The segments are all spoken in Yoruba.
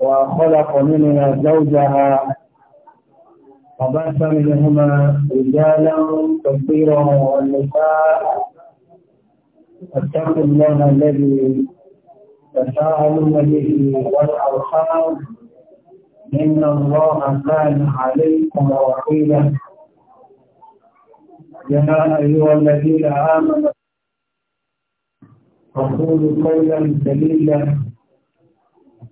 وخلق منها زوجها وبث منهما رجالا كثيرا والنساء واتقوا الله الذي تساءلون به والارحام ان الله كان عليكم رقيبا يا ايها الذين امنوا وقولوا قولا سليلا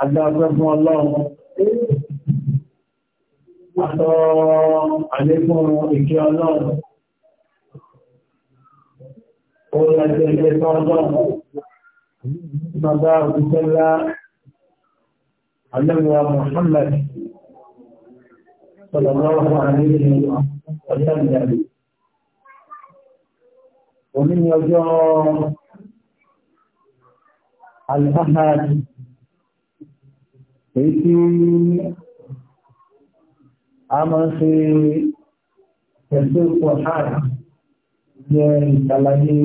agbábẹ́ fún ọlọ́run àtọ́ àlékún ìkẹ́ ọlọ́run ó lẹ́jẹ́ ilẹ̀ fún ọlọ́run bàbá òkúkẹ́ ńlá alẹ́wà Muhammad sọ̀lọ̀lọ́wọ́ àríyìn ọjọ́ ìjàdì Omi ni ọjọ́ Al-Ahad èyí tí a máa ṣe ẹ̀sẹ̀ pọ̀ ṣáà jẹ́ ìtàlàyé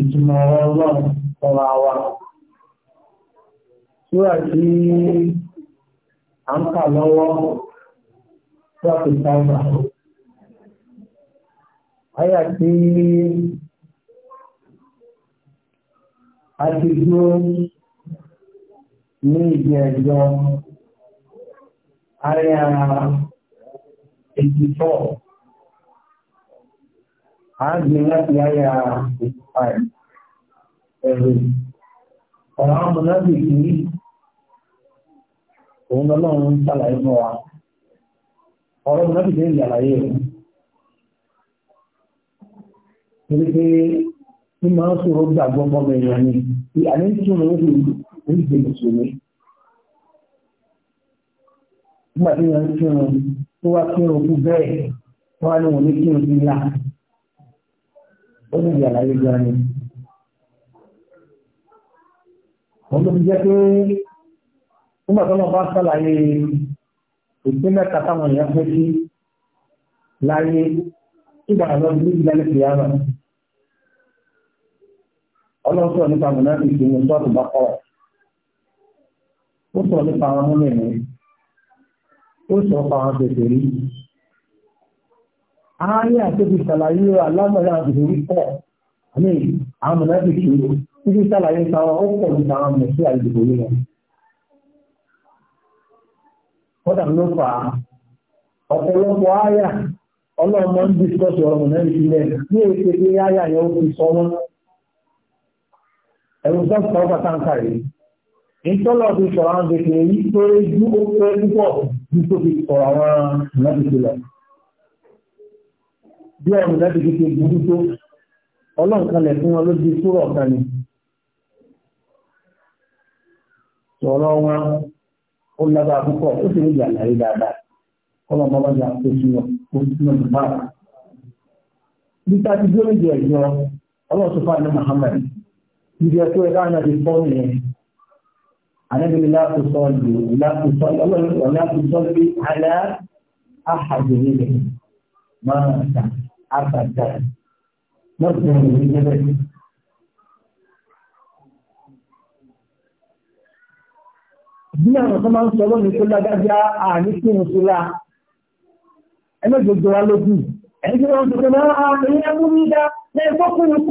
ìtumọ̀ ọlọ́run ọ̀rọ̀ àwa. Súrà tí a ń kà lọ́wọ́ Súràtù Sáìbà. tí a ti dúró ní ẹjọ ẹjọ́ àríyá 84 àágbé láti àríyá 85 ẹ̀rọ ọ̀rọ̀ àwọn òun lọ́lọ́run ń sàlàyé mọ́ wa ọ̀rọ̀ mọ̀lábì kì yàlàyé rẹ̀ torí pé ní máa ń gbàgbọ́ oríṣi mùsùlùmí. Nígbà tí wọ́n ń kírun tó wá kírun kú bẹ́ẹ̀ tó wá ní wọn ní kírun sí ńlá. Ó ní ìyàrá yóò gbára ni. Wọ́n ló fi jẹ́ pé nígbà tó lọ bá sàlàyé ìpín mẹ́ta táwọn èèyàn fẹ́ sí láyé nígbà àwọn ìlú ìdílé ti yára. Ọlọ́run sọ̀rọ̀ nípa mọ̀nà ìpinnu sọ́ọ̀tù bá kọ́ ọ̀ ó sọ nípa àwọn mọ́mìnì ó sọ pa àwọn tètè rí ààrẹ àtòkì ṣàlàyé alámọ̀lá àtòkì rí pọ̀ àmì àwọn mọ̀lẹ́bí kì í títí ṣàlàyé sáwọn ó pọ̀ nípa àwọn mọ̀lẹ́bí àdìbò rí wọn. kódà ló fà á ọ̀pọ̀lọpọ̀ ààyà ọlọ́mọ ń discuss ọ̀rọ̀ mọ̀lẹ́bí sílẹ̀ ní èké ààyà yẹn ó fi sọ wọn ẹ̀rù sọ́ọ̀tì ọgbà táǹkà rèé ìtọ́lọ̀ ti sọ̀rọ̀ àwọn gbèsè yìí péré jú ó pé púpọ̀ ju tó fi sọ̀rọ̀ àwọn ìrìnàjò lọ. Bí ọ̀rọ̀ ìrìnàjò ti ṣe burú tó, ọlọ́run fún wọn ló di sórọ̀ kan ni. Sọ̀rọ̀ wọn ó lágbára púpọ̀ ó sì dáadáa. bá bá yà tó sí wọn, Ànábì ni láti sọ́ọ̀lù láti sọ́ọ̀lù ọlọ́run láti sọ́ọ̀lù alá àhàjòyè rẹ̀ máa ta àbàdà lọ́sùn ìlú jẹ́rẹ̀. Bí àwọn tó máa ń sọ lónìí tó lágbájá àní kí n sí la, ẹlẹ́gbẹ̀gbẹ̀ wa lójú, ẹni tí wọ́n ti máa ń rìn ẹmú mi dá, ẹ fọ́kùnrin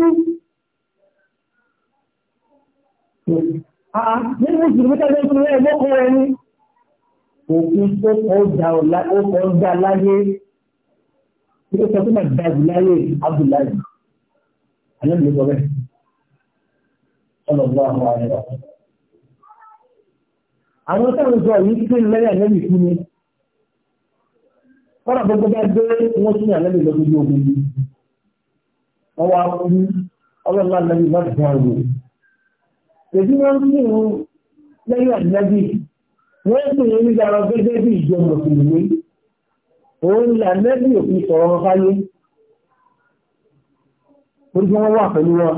Ah, ah, nínú ìṣùgbọ́n tẹ́lẹ̀ tó rẹ̀ mọ́kọ̀ ẹni òkun tó kọjá ọjà láyé tí ó sọ tó máa dájú láyé abdullahi alẹ́bìnrin sọ bẹ́ẹ̀ ọlọ́gbọ́n àwọn àrẹwà àwọn táwọn sọ yìí tí ń lẹ́yìn àlẹ́bì fún mi kọ́nà gbogbo bá gbé wọ́n sí àlẹ́bì lọ́dún ogun wọ́n wá kú ọlọ́gbọ́n àlẹ́bì má ti fún àwọn Èdí wọ́n ń rìn lẹ́yìn àjẹ́bí, wọ́n ń pè ní yàrá gẹ́gẹ́ bí ìjọ Mùsùlùmí. Òun ni àjẹ́bí òfin sọ̀rọ̀ wọn fáyé. Orí wọn wà pẹ̀lú wọn.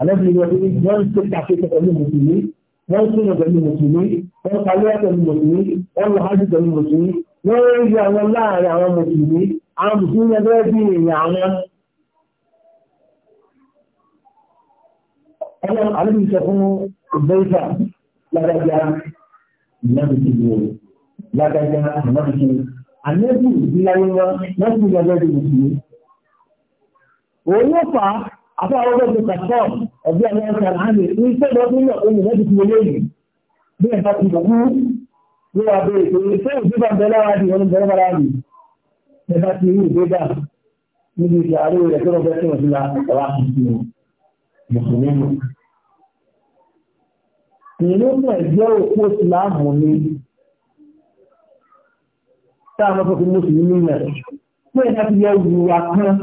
Àjẹ́bí wọn ti wọ́n ń pèsè àṣepọ̀ pẹ̀lú Mùsùlùmí. Wọ́n ń pèsè pẹ̀lú Mùsùlùmí. Wọ́n ń palẹ́ pẹ̀lú Mùsùlùmí. Wọ́n ń ọlọ́run alẹ́bí sọ fún bẹ́ẹ̀fà ládájá ìnábìkìbò ládájá ìnábìkìbò àlẹ́bí ìdíláyé wọn lọ́sùn ìgbàgbọ́dọ̀ ìwòsùn òun ló fà á àfọ àwọn ọgbẹ́ ìpàkọ́ ọ̀bí àwọn ọ̀sán àmì ní sẹ́dọ̀ ọdún náà ó lè lẹ́bi ti wọlé yìí bí ẹ̀ka ti wù ú ló wà bẹ́ẹ̀ pé ìdíbà ń bẹ lára di ti rí ìgbéga níbi ìṣàárẹ̀ rẹ̀ tó lọ bẹ́ẹ̀ mùsùlùmí. Ìlúmọ̀ ẹ̀jẹ́ òkú ìsìláàmù ni táàmọ́ fún mùsùlùmí rẹ̀. Pé ìdá ti yẹ ìwà kan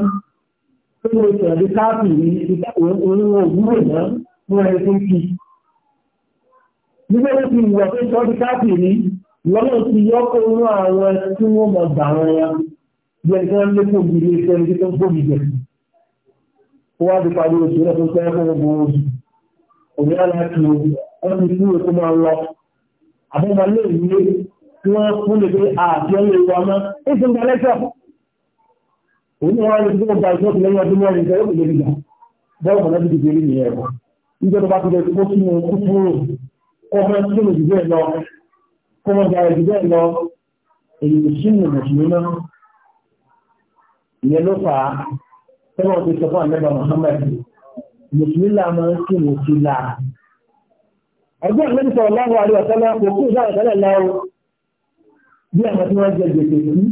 tó lè tẹ̀lé káàkiri orí òwúrò náà fún ẹni tó kí. Nígbà tó ti wọ̀ pé tọ́jú káàkiri lọ́nà ti yọ kó inú àwọn tí wọ́n mọ̀ gbà wọn ya. Bí ẹni tó ń lékòó gbìyànjú ẹni tó ń gbòmìnira tó wá di parí oṣù rẹ̀ tó pẹ́ fún gbogbo oṣù òní aláàkì wọ́n ti ní èkó máa ń lọ àbúmọ̀ lè ní tí wọ́n fún lè pé àti ọ̀lẹ́ ìwà mọ́ èsì ń gba lẹ́sọ̀ òní wọn lè fún ọgbà ìṣọ́ọ̀tì lẹ́yìn ọdún mẹ́rin tẹ́lẹ̀ kò lè rí gbà bẹ́ẹ̀ mọ̀ lẹ́bi dìde rí nìyẹn ẹ̀kọ́ níjọba bá ti lè kó sínú kúkúrú kọ́mọ tó lè dìde lọ kọ́mọ gba ìdìde lọ èyí sínú mùsùlùmí náà ìyẹn ló fà á tọ́lọ́ ti sọ fún àlẹ́bà Muhammad mùsùlùmí là máa ń kí mùsùlùmí là. ẹgbẹ́ ìlú sọ ọlọ́run àríwá tọ́lá kò kú ìgbà ìtọ́lẹ̀ láwọ bí àwọn tí wọ́n jẹ gbèsè sí.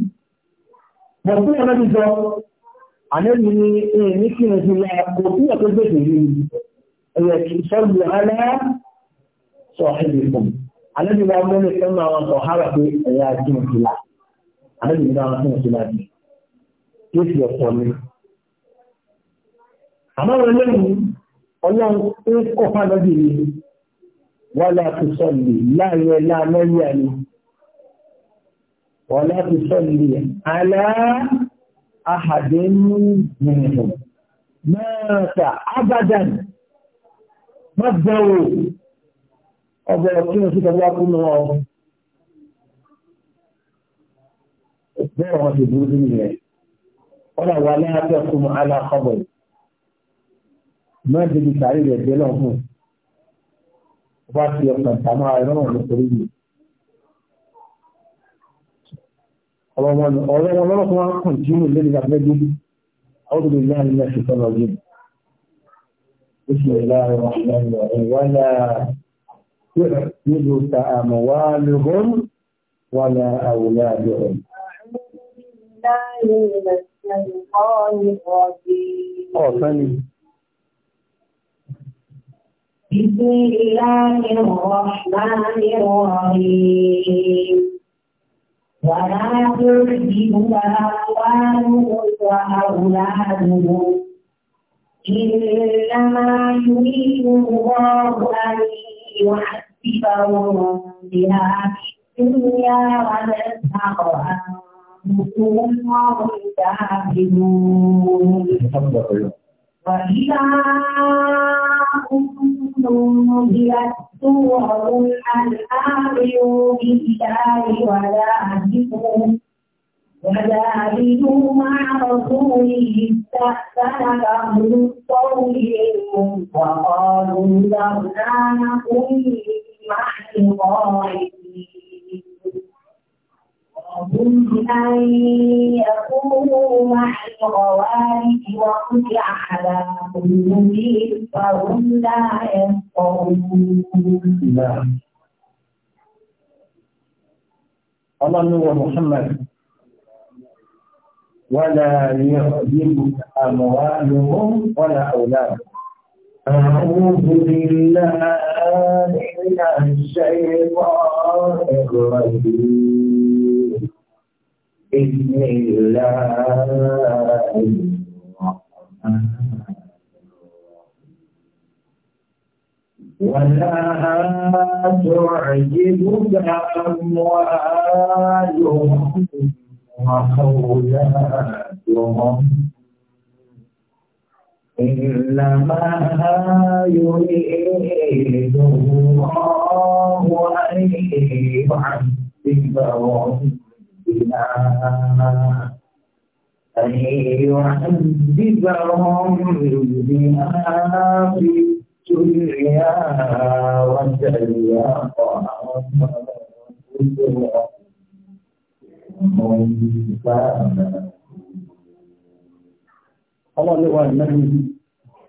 mo tún yàrá mi sọ àlẹ́bí ni èmi kí mùsùlùmí là kò kú ìyàtọ̀ gbèsè sí i. ẹ̀yẹ sọ́ọ̀lù alẹ́ sọ ẹ̀dẹ̀ fún mi. àlẹ́bí wa mú mi sọ́nà àwọn sọ̀ hárà pé ẹ̀yà kí mùsùlùmí là àlẹ́bí mi náà kí mùsùlùmí là àmọ́ wọn lẹ́yìn ọlọ́run tó kọ̀ fánàbì ni wà láti sọ̀lì láàrin ẹ̀lá mẹ́rìà ni wà láti sọ̀lì alá àhàdẹ́nu mẹ́rin mẹ́ta abadan mọ́bẹ̀wò ọgbẹ̀ kí wọ́n sí kọjá kú náà bẹ́ẹ̀ wọ́n ti burú nínú rẹ̀ wọ́n wà láàbẹ̀ fún aláàkọ́bọ̀lù má débi sàárè rẹ̀ bẹ́ẹ̀ náà fún un bá ti ọkàn tàmá ẹ̀rọ rẹ̀ torí mi. ọ̀rọ̀ wọn lọ́rọ̀ tó wọn kàn tí ó lé nígbà mẹ́jọ àwọn òbí náà ní ẹ̀sìn tọ́nà ọdún. بسم الله الرحمن الرحيم ولا تؤمنك أموالهم ولا أولادهم أعوذ بسم الله الرحمن الرحيم ولا تعجبك أموالهم وأولادهم إنما يريد الله أن يحسبهم بها في الدنيا وتزهق أنفسهم وهم كافرون. وإذا أنزلت سورة أن آمنوا بالله وجاهدوا وجاهدوا مع رسوله استأذنك أهل القول منهم وقالوا لولا نكن مع الغائبين وهم أن يكونوا مع الخوارج وقطع على قلوبهم فهم لا يفقهون. اللهم هو محمد ولا يعجبك أموالهم ولا أولادهم أعوذ بالله من الشيطان الرجيم بسم الله ولا تعجبك أموالهم وأولادهم إنما يريد الله أن يعذبهم أن يعذبهم بما في الدنيا وتليق Ọlọ́run ló wà nẹ́bí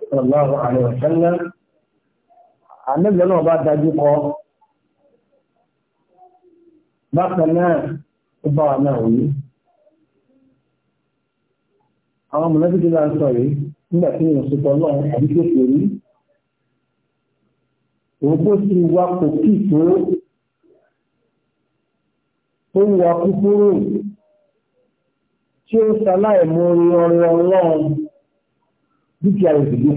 sallallahu alaihi wasallam. Ànẹ́bìlẹ̀ náà bá dájú kọ. Bákan náà, ó bá wà náà wòye àwọn mọ̀lẹ́bí tó bá ń sọ rèé nígbà tí wọ́n sọ tọ́ náà àbí tó pè rí òun kó sì wá kò kí tó tó ń wá kúkúrú tí ó ń ṣaláì mú orin ọrẹ ọlọ́run dúkìá rẹ̀ sì dúkú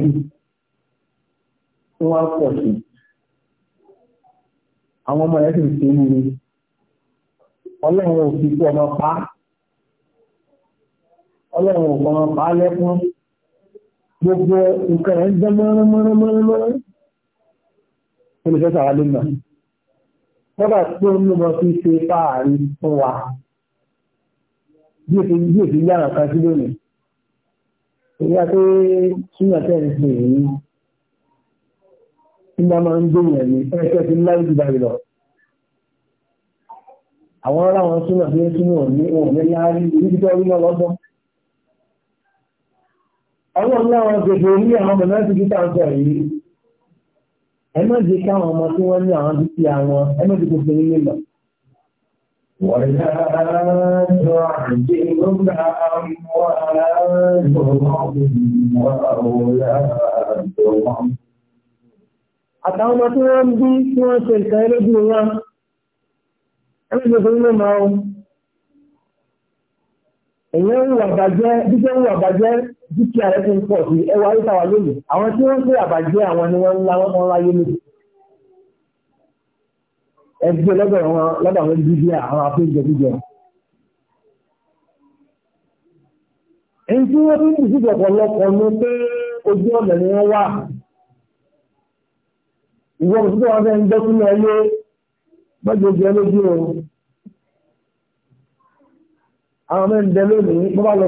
tí wọ́n á pọ̀ sí àwọn ọmọ rẹ̀ sì ń ṣe ní ọlọ́run ò fi ọmọ pa á ọlọ́run kan pa lẹ́kún gbogbo nǹkan ẹ̀ ń dán mọ́rán-mọ́rán-mọ́rán olùfẹ́sà wa ló mọ̀ bọ́bà tó ń lọ́mọ fi ṣe fáàrí fún wa bí èsì bí èsì yára kan sí lónìí èyí àti súnmọ̀ tẹ́ ń pè ní nígbà máa ń gbóyàn ní ẹ̀ṣẹ́ ti láyé jù báyìí àwọn ará wọn súnmọ̀ tí ó ní òun ní láàárín ibi tó rí lọ́lọ́gbọ́n àwọn ọlọ́run gbogbo orí àwọn ọmọ náà ti dúpọ̀ ọjọ́ yìí ẹ má jẹ́ káwọn ọmọ tí wọ́n ní àwọn dúkìá wọn ẹ má jẹ́ gbogbo orí lọ. ولا تعجبك أموالهم وأولادهم Àtàwọn ọmọ tí wọ́n ń bí tí wọ́n ṣe ìkà ẹlẹ́gbìn wọn, ẹgbẹ́ ìgbẹ́ ìlú máa ń. Èyí ń wà bàjẹ́, bí jẹ́ ń wà bàjẹ́, dúkìá rẹ̀ ti ń pọ̀ sí ẹwà rí tàwà lónìí àwọn tí wọ́n ń pè àbàjẹ́ àwọn ni wọ́n ń la wọ́n láyé lónìí ẹgbẹ́ lọ́dọ̀ wọn lọ́dọ̀ àwọn ibi àwọn afẹ́jẹ jíjẹ ẹni tí wọ́n ń bùsí ọ̀pọ̀lọpọ̀ ní pé ojú ọ̀nà ni wọ́n wà ìwọ òṣìṣẹ́ wọn fẹ́ ń gbọ́ sínú ẹyẹ gbọ́dọ̀ jẹ lójú o àwọn mẹ́rin bẹ lónìí bọ́ bá lọ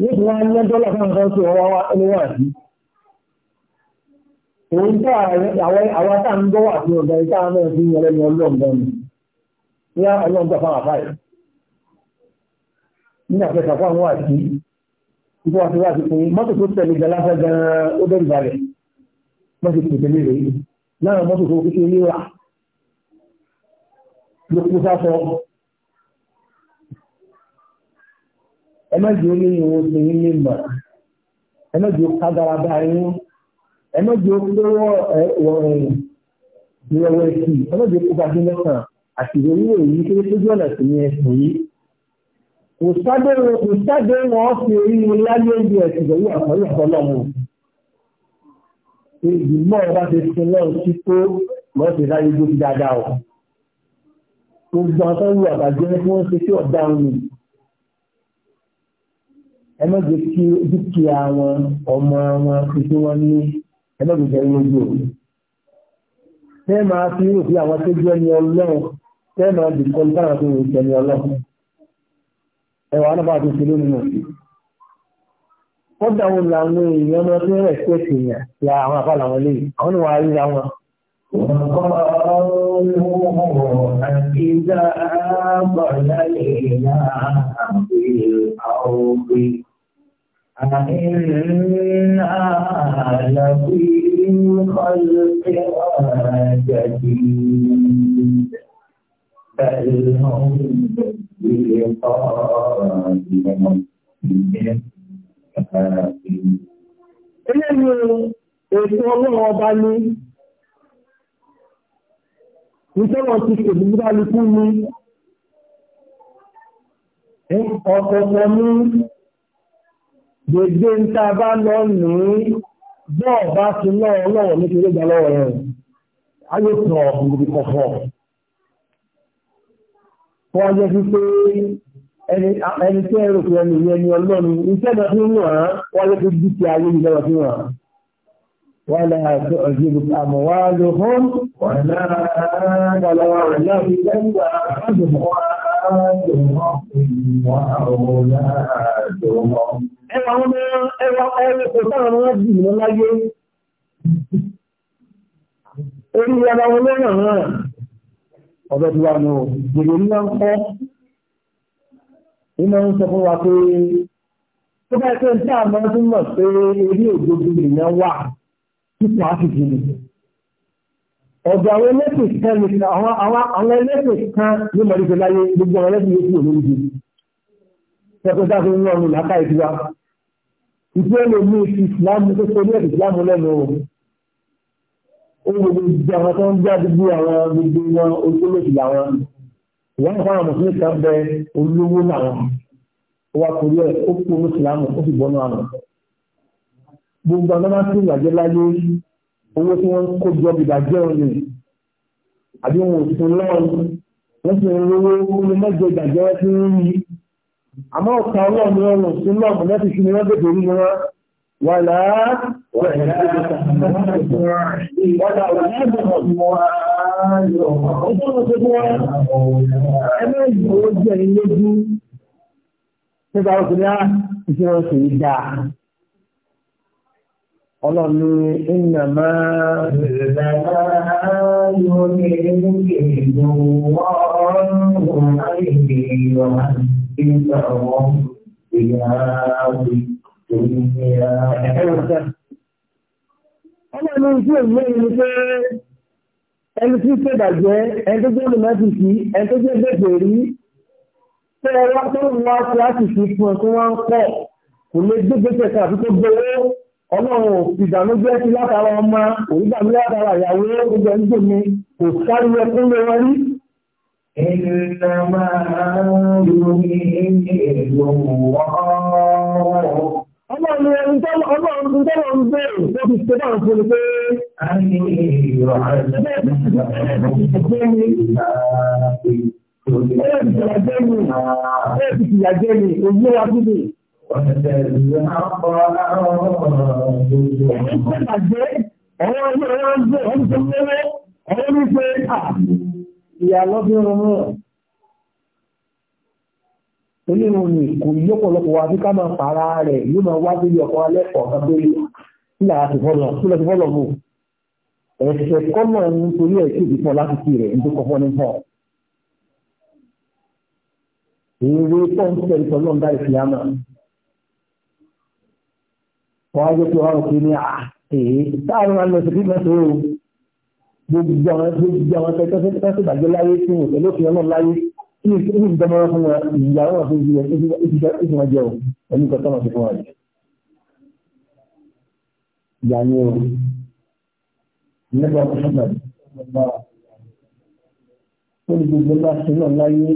yóò fi wọ́n lọ́jọ́ lọ́kàn kan sí ọwọ́ oníwà sí. Òun tó àwọn tá ń gbọ́ wà fún ọ̀gá ìta náà fi yẹn lẹ́nu ọlọ́ọ̀gbọ́n ni. Ní ọlọ́run tó fáwọn àfáì. Nígbà tó sàkó àwọn wà sí. Ibi wà sí wà sí fún mọ́tò tó tẹ̀lé gan lásán gan ó bẹ̀rù balẹ̀. Mọ́tò tó tẹ̀lé rèé. Láwọn mọ́tò tó kékeré wà. Lókùn sá sọ ẹ má jẹ́ omi ìwò obìnrin lè mọ̀ ẹ má jẹ́ kágara bá yín ẹ má jẹ́ olówó ìrọ̀wọ̀ ẹ̀sìn ẹ má jẹ́ kó bá dín lọ́kàn àti ìròyìn èyí tó lójú ọ̀nà sí ní ẹ̀sìn yìí. kò sáde kò sáde wọn fi orí mi láyé ibi ẹ̀sìn pẹ̀lú àkọ́lé ọ̀pọ̀lọ́mù. ìgbìmọ̀ ọba ti sin lọ́run sí tó lọ́ọ́ ti ráyé gbóbi dáadáa o. gbogbo àwọn tó fún ṣe sí ọ̀daràn nìyí ẹ má jẹ́ kí dúkìá wọn ọmọ wọn tuntun wọn ní ẹ má jẹ́ lójú o. tẹ́ ẹ máa fi rò pé àwọn tó jẹ́ ní ọlọ́run tẹ́ ẹ máa dìkọ́ ní káwọn tó rò jẹ́ ní ọlọ́run. ẹ̀wà náà bá ti ṣe lónìí nù. kódà wọn làwọn èèyàn máa fi rẹ̀ pé èèyàn la àwọn àbá làwọn lè àwọn ìwà ríra wọn. وقالوا إذا بلينا بالأرض أئنا لفي خلق جديد بل هم بلقاء ربهم كافرون ètò ọlọ́run ọba ní ìṣẹ́wọ̀n ti ṣèlú nígbàlùkù ní ọ̀pọ̀pọ̀ ní gbogbo ń tá a bá lọ nù ú bọ́ọ̀ bá ti lọ́wọ́ lọ́wọ́ ní kéré gbà lọ́wọ́ rẹ̀ ayé tọ̀ níbi kọ̀ọ̀kọ̀ fún ọjọ́ pípé ẹni tí ẹrù pé ẹni ìyẹn ni ọlọ́run iṣẹ́ náà fi ń wà á wọ́n yẹ kó dúkìá ayé yìí lọ́wọ́ fi wà á wọ́n lè àti ọ̀gbìn àmọ́ wá ló fún wọn náà wọ́n lọ́wọ́ rẹ̀ náà fi lẹ́yìn wà ẹwà wọn ẹwà ẹwà kò sáwọn wọn jù lọ láyé orí ara wọn lọ́rọ̀ náà ọ̀dọ̀ tí wà nù gbèrè ní wọn kọ́ nínú ń sọ fún wa pé tó bá ṣe ń tẹ́ àmọ́ tó mọ̀ pé orí òdodo èèyàn wà títí àfìjì ni ọ̀dọ̀ àwọn ẹlẹ́sìn kan ní àwọn àwọn ẹlẹ́sìn kan ní mọ̀lẹ́sìn láyé gbogbo àwọn ẹlẹ́sìn yóò kúrò lórí ju ṣẹ́kọ̀ọ́ dáhùn ní ọ̀run làákàyè tiwa ìdílé lè mú ìfi ìsìlámù tó torí ẹ̀ ìsìlámù lẹ́nu o ó gbogbo ìdílé àwọn tó ń gbá gbogbo àwọn gbogbo wọn ojúlóṣù làwọn ìwọ́n fún àwọn mùsùlùmí kan bẹ olówó làwọn ó wá torí ẹ̀ ó kú omi ìsìlámù ó sì bọ́nú àwọn gbogbo àwọn máa ń tún ìyàjẹ́ láyé owó tí wọ́n ń kó jọ ìbàjẹ́ òní àbí wọn ò sún lọ́rùn wọ́n sì ń rówó ó lè mọ́jọ ìbàjẹ́ tí ń rí àmọ́ ọ̀ka ọlọ́run ni wọ́n rùn sí lọ́ọ̀mù lẹ́tì sí ni wọ́n bèbè rí wọn wà láà Ẹgbẹ́ ìgbòho jẹ́ ilé jú, nígbà ọkùnrin á ìṣẹ́ ọ̀sẹ̀ ìdáa. Ọlọ́run ní ìnà máa Ọlọ́run tí ó mú ìlú pé ẹni tí tó bàjẹ́, ẹni tó jẹ́ olùmọ́tìkì, ẹni tó jẹ́ bẹ̀bẹ̀ rí, tó ẹwà tó wọ́n tí a sì fi fún ẹ̀kọ́ wọ́n pọ̀, kò lè gbé ọlọ́run ìdàmójẹ́ sí látara ọmọ òrígbàmí látara ìyàwó gbogbo ẹni gbèmí kò sáré ẹkún lé wọn rí. Iná máa ń lo ní èlò wọ́n. Ọlọ́run ẹni tọ́lọ̀ ọlọ́run tọ́lọ̀ ń bèèrè tó fi ṣe náà fún mi pé. A ní ìrọ̀ àìsàn. Bẹ́ẹ̀ ti ìyàjẹ́ mi, bẹ́ẹ̀ ti ìyàjẹ́ mi, òye wa Ìyàlọ́ bí ọmọ mọ́. Onírun ni kò yí ọ̀pọ̀lọpọ̀ wa bí ká máa pàrà rẹ̀ yóò máa wá lórí ọkọ̀ alẹ́kọ̀ọ́ kan tó lé nílà àti fọ́lọ̀ tó lọ sí fọ́lọ̀ mú. Ẹ̀ṣẹ̀ kọ́mọ̀ nítorí ẹ̀ sí ìdípọ̀ láti fi rẹ̀ ní tó kọ́kọ́ ní fọ́. Èrè tó ń tẹ̀lé tọ́lọ́ ń dá ìfìyàmọ̀ wọ́n á jẹ́ pé wọ́n pè ní àtẹ̀yẹ táàrin wọn lọ sí bí mẹ́tò o gbogbo àwọn gbogbo àwọn tẹ́tẹ́ tó bàjẹ́ láyé tí wọ́n tẹ̀lé òfin ọlọ́run láyé kí ni kí ni ìdámọ́ fún wọn ìyàwó wọn fún ìyẹn ìfi wọn jẹun ẹni kan tọ́nà fún wọn. ìyàní o nígbà tó fún mi ó gbogbo bá sinú láyé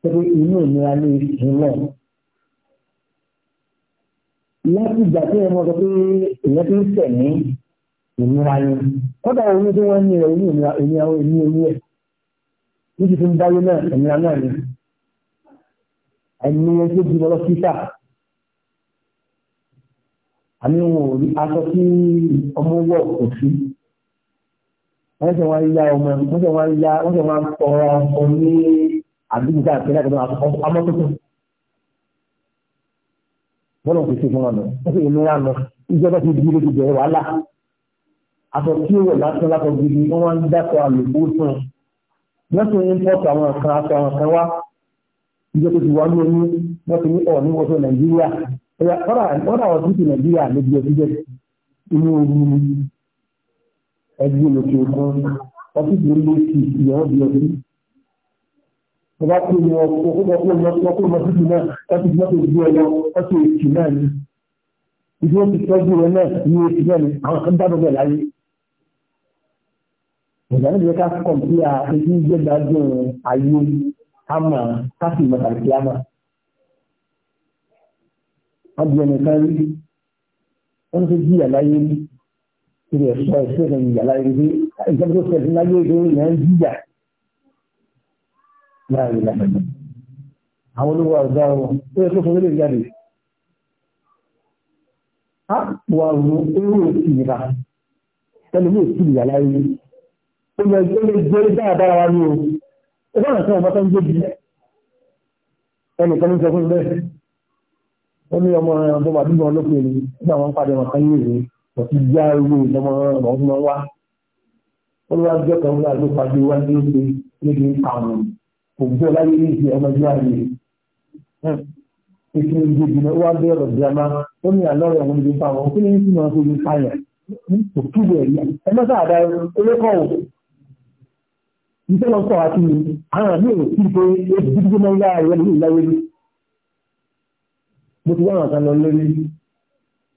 pé inú ìnira ní ìsinmi náà láti ìgbà tí ẹ mọ̀ sọ pé ìyẹn ti ń sẹ̀ ní ìnira ni kọ́dà oyún tí wọ́n ní rẹ̀ oyún ìnira ìnira ní oyún ẹ̀ ní ti ń dáyé náà ìnira náà ni ẹni ẹ tó jùlọ lọ síta àmì wọn ò rí aṣọ tí ọmọ wọ̀ kò sí wọ́n sì wọ́n ya ọmọ wọ́n sì wọ́n ya wọ́n sì wọ́n tọrọ ọmọ ní àdúgbò káàkiri àti ọmọ tuntun bọ́lá kò ṣe fún wọn nù wọ́n sì ìnira nù ìjọba ti dúró ti bẹ̀rẹ̀ wàhálà aṣọ tí ó wọ̀ lásán látọ̀ gidi wọ́n wá ń dákọ̀ àlòkù fún un wọ́n sì ń pọ̀tù àwọn kan aṣọ àwọn kan wá ìjọ tó ti wà ní oyún wọ́n ti ní ọ̀ ní wọ́sọ nàìjíríà ẹ̀yà ọ̀rọ̀ àwọn tó ti nàìjíríà ló di ọtí jẹ́ inú omi ẹgbẹ́ lókè òkun ọtí tó ń lé sí ìyẹ̀wò tó bá kó lọ ọkọ̀ lọ sí ìdíná láti ìdíná tó gbé ẹ lọ ọtí èsì náà ni ìdí ó ti tọ́jú rẹ náà ní èsì náà ni àwọn kan dábọ̀ bẹ̀ láyé. ìgbà níbi ká kọ̀m̀pí à èyí gbẹ́gbàdùn ayé àmà káfí ìmọ̀tàlùkì àmà. wọ́n di ẹnì kan rí wọ́n ti jí àláyé rí ìrẹsọ̀ ìṣẹ̀lẹ̀ ìyàláyé rí ìjọba tó fẹ̀sìn láyé rí ìyàn jíjà láàrin lẹ́gbẹ̀ẹ́ àwọn olówó ọ̀gá ọ̀rọ̀ tó yẹ tó fún ilé ìjáde àpò àrùn owó òsì ìlà tẹlifí òsì ìlà láyé ó lọ ẹgbẹ́ lè gbé dáadáa wa ní o ó bá nàìjíríà bá tó ń gbé bi ẹnìkan ń sọ fún bẹ́ẹ̀ ó ní ọmọ ẹran tó wà nínú ọlọ́pẹ̀ ni nígbà wọn padà wọn kan yéèrè wọ́n ti já owó ìdánmọ́ ọ̀rọ̀ ọ̀hún wá ó lọ́wọ́ àjọ kan wọn àjọ pàdé wá ní oṣù níbi àwọn ọ̀rọ̀ òbí ọláyé ní ìdí ọmọ ìlú ààrẹ ìpín ìdí ìdìnà wá bẹ̀rọ̀ girama ó ní àlọ́rọ̀ ọ̀hún ìdí fáwọn òkú ní ìsìn náà tó ní fáyà kò kí bẹ̀ rí ẹ mọ́tà àdá olókọ̀ ò ìṣẹ́lọ́kọ̀ àti àwọn àmì ò kí pé ó ti dídí mọ́ ìyá rẹ̀ lórí ìláyé rí mo ti wá àwọn kan lórí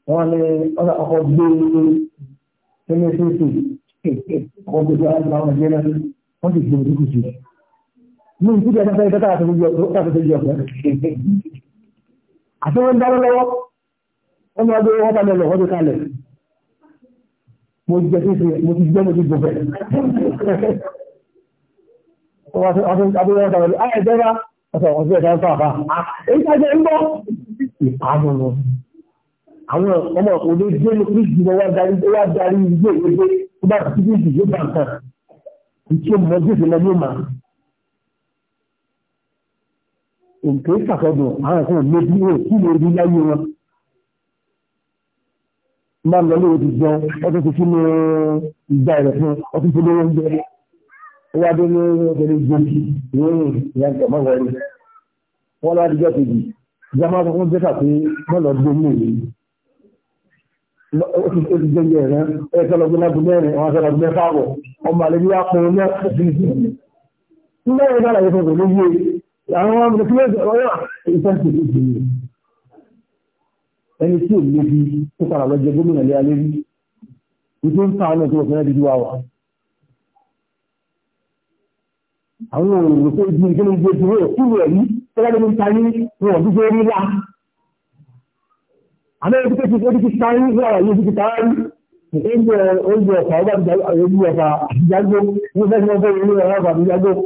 wọn ní ọkọ̀ gbé ẹni tó tó ọkọ̀ gbé ní ìtúdí ẹ̀dá sẹ́yìn tẹ́tà àti ìjọ ọ̀fẹ́. àti wọ́n dáná lọ́wọ́ wọ́n máa gbé wọ́n balẹ̀ lọ́wọ́ tó kalẹ̀ mo ti jẹ sí ìsìn mo ti jẹ́ mo ti gbọ̀fẹ́. àbúrò ọ̀tà wọlé ayé ìjọba ọ̀tà ọ̀sẹ̀ ẹ̀ka ń fà fà. èyí ká jẹ́ ń bọ́ ìpanu lọ. àwọn ọmọ òde jẹ́ ní kí jùlọ wá darí wá darí ilé ìwé tó bá ti bí ìdíje bá ń tàn. ìtí ọmọ òǹkè ṣàkọdùn àwọn kan lóbi ó kí lè rí láyé wọn má lọ lóore ti jẹun ọtún ti kí ní ìgbà rẹ fún ọtún ti lówó ń jẹ ó wá dé ní ọgbẹni gbòógì ìwéyìn ìyàgbẹ mọwọlé wọn lọ adijọ kejì ìjà máa fọwọ́n jẹ́ kà pé má lọ gbé mú èyí ó ti jẹ́ ìyẹn rẹ ẹ kẹlọ gbé lágbo mẹ́rin àwọn akẹlọ gbé fáwọ̀ ọmọ àlejò àpò náà ó ti ń sìn. nígbà yẹn ká ní yé àwọn ọmọ tí wọ́n ọ̀rọ̀ ìfẹ́sì tó ti rí ẹni tí ò lébi tó padà lọ jẹ gómìnà lé alé rí ìtò ń ta ọ̀nà tó wọ̀fẹ́ dídú wa wà àwọn òòrùn tó di nǹkan ní gbé dúró kúrò ẹ̀rí tó láti ní ta ní wọn ọdún tó rí lá àmọ́ ẹni tó ti ó ti ti ta ní wọn àyè ti ti ta rí oúnjẹ ọ̀fà ọba àti oúnjẹ ọ̀fà àti jágbó ní fẹ́ẹ́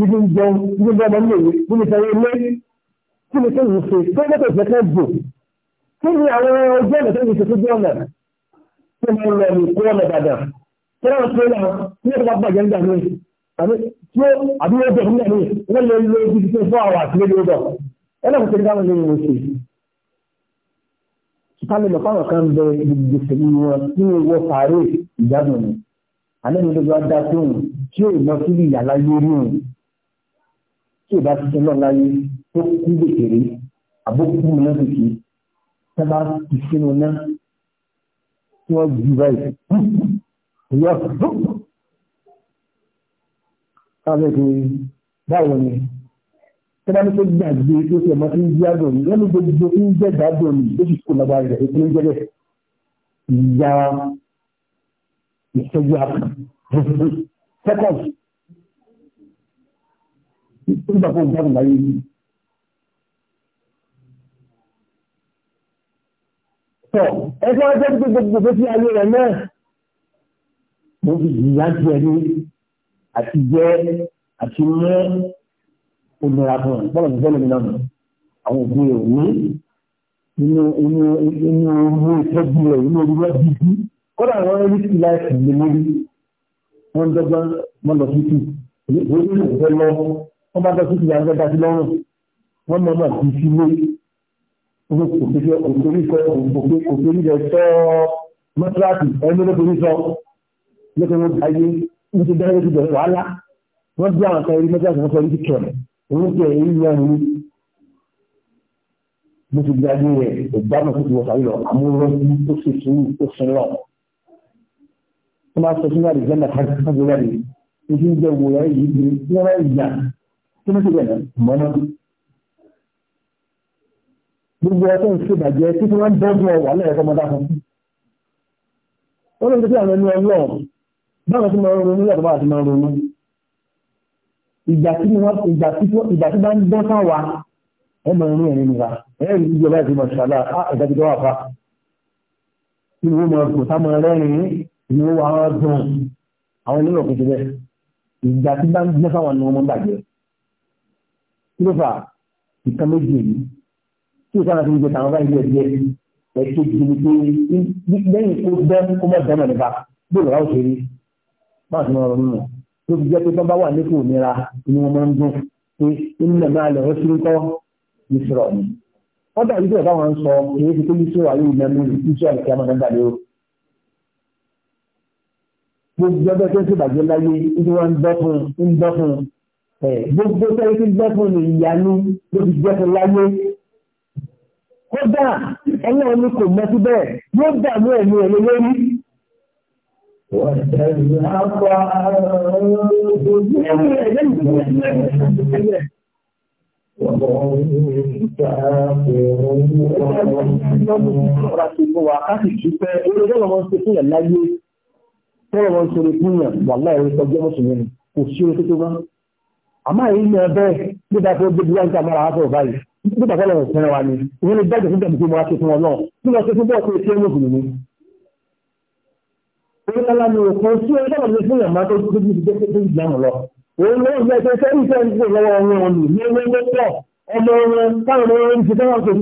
ibi ń jẹun ibi ń bọ́ ọmọ nílé ibi ń sẹ́yìn ilé kí ni kéwì ṣe tó gbọ́dọ̀ ìfẹ́ kan bò kí ni àwọn ojú ọ̀nà kéwì ṣe sójú ọ̀nà tí wọ́n lọ ní kó ọ̀nà dàdà tí wọ́n tó lọ ní ọ̀dọ́ bàjẹ́ ń gbà ní àbí tí ó àbí ó jẹ̀ nígbà ní wọ́n lè lo ibi tí fún àwọn àti lórí ọ̀dọ̀ ẹ̀nà kò tẹ̀lé káwọn lórí oṣù sùpàmì lọ fáwọn kan bẹ ìgbésẹ̀ ní wọn tí wọ́n wọ fàárẹ̀ ìjánu ni àlẹ́ mi ló gbọ́ dá tóun tí ó ìmọ̀ sí ìyàlá yóò rí òun tí ìbá ti sẹ́lọ̀ láyé tó kú gbèkèrè àbókù náà kìkì tá bá ti sínú náà tí wọ́n ju báyìí ìyá káàbẹ̀ pé báwo ni tí wọ́n ní pé gbàgbé tó ti ọmọ tí ń jí àdùn yìí lẹ́nu gbogbo tí ń jẹ́ ìdádùn yìí ló sì kó rẹ̀ ètò ń jẹ́ ìyá ìṣẹ́jú àpò nígbà tó ń gbádùn láyé yìí. Tọ́ ẹgbẹ́ ọjọ́ tó gbogbo tó fi ayé rẹ̀ náà mo fi ìyá ti ẹni àti jẹ́ àti mú olùrà fún un bọ́lá ìfẹ́ lómi náà àwọn òbí rẹ̀ ní inú inú inú owó ìtọ́jú rẹ̀ inú oríwá bíbí kódà àwọn ẹni tí láìpẹ́ lè mórí wọ́n dọ́gbọ́n mọ́ lọ sí tù èyí ló ń fẹ́ lọ́wọ́ wọ́n bá dá sí ìyá ńlá dájú lọ́rùn wọ́n mọ̀ mọ̀ kì í sí ilé òkèkè òkèkè sọ mọ́tíráàtì ẹni lókèrè sọ lókèrè ayé ní ti dáhùn ìdíjọ wàhálà wọ́n bí àwọn kan eré mọ́tíráàtì wọ́n sọ ní kíkẹ́ òun kẹ́ èyí ní ọ̀hún ní mo ti gbájú rẹ̀ ìgbàmọ̀ tó ti wọ̀ sáré lọ àmúrọ̀ tó ṣe sùúrù tó sin lọ. wọ́n máa sọ sínú àdìgbẹ́nà káàkiri káàkiri ní ti ń jẹ́ wòrán yìí kí ló ṣe bẹ̀rẹ̀ mọ́nà gbogbo ọjọ́ ìṣèbàjẹ́ tí wọ́n ń bọ́ọ̀dún ọwà lẹ́ẹ̀kọ́ mọ́dá fún ó lóun tí àwọn ẹni ọlọ́ọ̀ báwọn tí máa ń ronú lọ́pọ̀ àti máa ń ronú ìgbà tí bá ń bọ́ sáwà ẹ máa ń rí ẹ̀rin nìra ẹ̀rin ìjọba ìfimọ̀ ṣàlá àgbàjọ́ ah, wà fa inú wọn máa kò sáwọn rẹ́rin inú wọn wá dùn àwọn ìgbà tí bá ń bọ́ sáwà ni wọ́n máa kí ló fà nǹkan méjì yìí tí o sábà fi ń gbé tàwọn báyìí díẹ̀ díẹ̀ ẹ̀kejì ni pé lẹ́yìn kó bẹ́ kó mọ̀ dáná nípa bí òun ráwọ̀ ṣe rí máa tún ọ̀rọ̀ nínú tó fi jẹ́ pé bá wà nípò òmìnira ni wọ́n máa ń dún pé inú ẹ̀ máa lọ ọ́ sí ńkọ́ ìṣòro ni wọ́n dàbí bẹ́ẹ̀ báwọn ń sọ èyí ti pé ìṣòro ayé ìmẹ́mú ìṣòro àti àmọ́ nígbà lérò gbogbo ọjọ́ tó ń ṣèbàjẹ́ láyé ń gbogbo sẹ́yìn tí jẹ́ fún ìyanu ló fi jẹ́ fún láyé kódà ẹlẹ́rìn ní kò mọ́ síbẹ̀ yóò dààmú ẹ̀mí ẹ̀mí lórí. Tọ́lọ̀ wọn sọ̀rọ̀ fún yàn, wàláì orí sọ́jọ́ mọ́sùlùmí, kò sí orí tó tó bá àmọ́ èyí ni ẹbẹ́ nígbà tó gbé bíyà ń ta mọ́ra àtọ̀ báyìí nígbà tó lọ́wọ́ fẹ́ràn wa ni ìwé ni bẹ́ẹ̀ tó dẹ̀mí pé mo wá ṣe fún wọn náà nígbà tó fún bọ́ọ̀kì tí ó ń gùn mí. oníkálá ni òkú tí ó sọ̀rọ̀ ní fún yàrá tó tó bí ìdíjẹ́ tó ń gbà lọ. òun ló ń gbẹ́sẹ̀ sẹ́yìn sẹ́yìn tó lọ́wọ́ ọ̀run ọ̀nù ní ewé pọ̀ ọmọ ọ̀run táwọn ọ̀run ti fẹ́ràn tó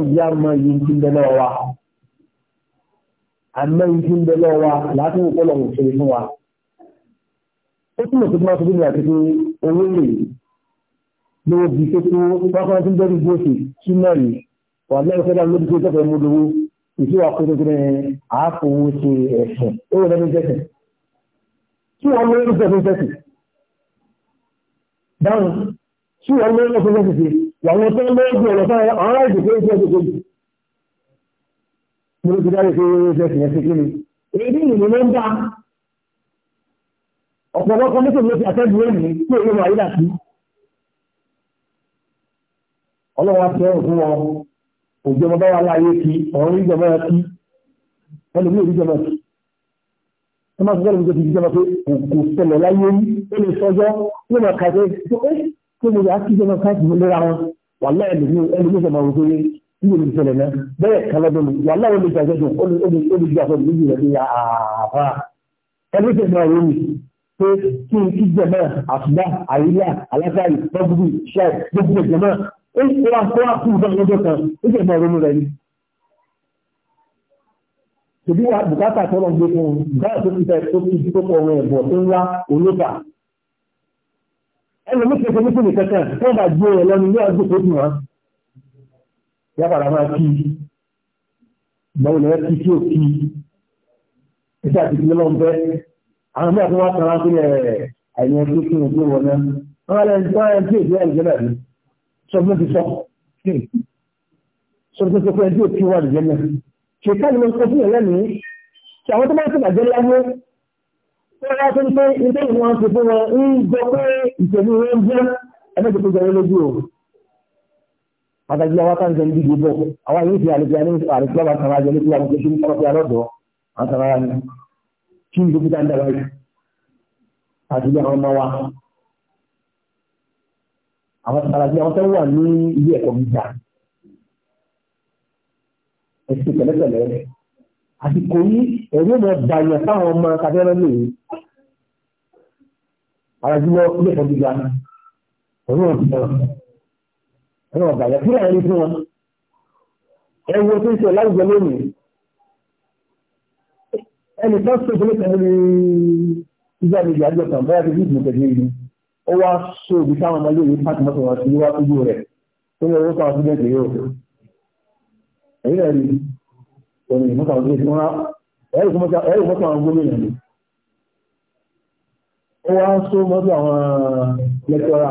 ti dàbí àmẹ́yìn bẹ lọ́wọ́ láàrin ìpọ́lọ̀wọ̀ ṣe fún wa ó túnmọ̀ tó máa fún àti pé owó rẹ̀ ló bí tó tó bákan tí bẹ́rù gbóṣì sí mẹ́rin wà lẹ́yìn fẹ́dà lóbi tó tẹ́fẹ́ mú lówó ìtí wà kó tó tó rẹ̀ àáfowó ṣe ẹ̀sẹ̀ ó rẹ̀ ní tẹ́sẹ̀ tí wọ́n lé ní tẹ́sẹ̀ tẹ́sẹ̀ dáhùn tí wọ́n lé ní tẹ́sẹ̀ tẹ́sẹ̀ wà wọ́n tó lé ní ọ̀rọ̀ fún àwọn ìdìbò mo ló ti dáre pé ẹsẹ̀ ẹ̀sìn ẹ̀sìn kí ni èyí ni mo ń bá ọ̀pọ̀lọpọ̀ mọ́tò ló ti àtẹ́jú rẹ̀ ní tí èyí wà yílà sí ọlọ́wọ́ fẹ́ òkú wọn òjò ọmọ bá láàyè kí ọ̀run ìjọ mọ́ kí ẹni bí òjò mọ́ kí ẹ má sọ́jọ́ ìjọ ti jọba pé kò ṣẹlẹ̀ láyé rí sọ́jọ́ ní ọmọ kàṣẹ níbo ló ń ṣẹlẹ̀ náà bẹ́ẹ̀ kálọ́ bẹ́ẹ̀ ni wàhálà wọn lè ṣe àjọṣe olùgbé àfọ̀dù níbi rẹ̀ ní àfà ẹgbẹ́sẹ̀ náà rẹ̀ ni pé kí n kí jẹ̀mọ́ àfúgbà àríyá alágbàáyé bọ́gbùgbù ṣáì gbogbo ìjẹ̀mọ́ ó ń kó akọ́ àkú ìdánilọ́jọ́ kan ó jẹ̀ mọ́ ronú rẹ̀ ni. Tòbí wa bùkátà tọ́lọ̀ gbé fún un báyà tó ti tẹ tó ti tó pọ̀ wọn ẹ̀bọ̀ tó ń wá olóta. Ẹnu mi kẹsàn-án mi kò ní kẹsàn-án tó bá gbé ẹ lọ́nu ní àgbò tó dùn án yábàrá máa kí ìgbàwò lẹ́yìn kí tí ó kí iṣẹ́ àti ìpínlẹ̀ lọ́n bẹ́ àwọn mẹ́ta tó wá tara sí ẹ̀ àìní ẹgbẹ́ kí ní ojú wọn náà wọ́n lẹ́ ń tọ́ ẹni tí èdè àìjẹ́ náà ní sọ fún ti sọ sọ fún ti sọ fún ẹni tí ó kí wà nìyẹn náà ṣe ká nínú sọ fún ẹ̀ lẹ́nìí ṣe àwọn tó máa ń sọ bàjẹ́ láyé wọ́n wá tó ń pé ilé ìwọ̀n ti fún ẹgbẹ́ tó jẹ́ pàtàkì àwọn tá ń jẹ níbi ìdìbò àwọn yìí fi àlejò àní àrètí ọba tàbá jẹ níbi àwọn oṣù nípa ọ̀fẹ́ alọ́dọ̀ àwọn tàbá ni kí ní dókítà ń dàgbà yìí àti bí àwọn ọmọ wa àwọn pàtàkì àwọn tó wà ní ilé ẹ̀kọ́ gíga ẹ̀sìn pẹ̀lẹ́pẹ̀lẹ́ àsìkò yìí ẹ̀rí ọmọ dàyẹ̀ fáwọn ọmọ kàfẹ́rẹ́ mi àwọn ilé ẹ̀kọ́ gíga ọ̀rọ̀ ọ̀sán ẹ̀rọ ọ̀bàjẹ́ kí láàrin fún wọn ẹwọ tó ń ṣe láwùjọ lónìí ẹni tó ṣe ìpínlẹ̀ kan lórí ìjọba ìjọba àjọ kan bọ́yá tó ní ìpínlẹ̀ kẹ̀kẹ́ yìí ó wá ṣe òbí táwọn ọmọ lórí pàtó mọ́tò wọn sí wá tójú rẹ̀ tó ní owó káwọn sílẹ̀ kéré o èyí rẹ̀ rí òní ìmú káwọn sílẹ̀ kéré ẹ̀rù mọ́tò àwọn gómìnà ni ó wá ṣó mọ́tò àwọn lẹ́kọ́rà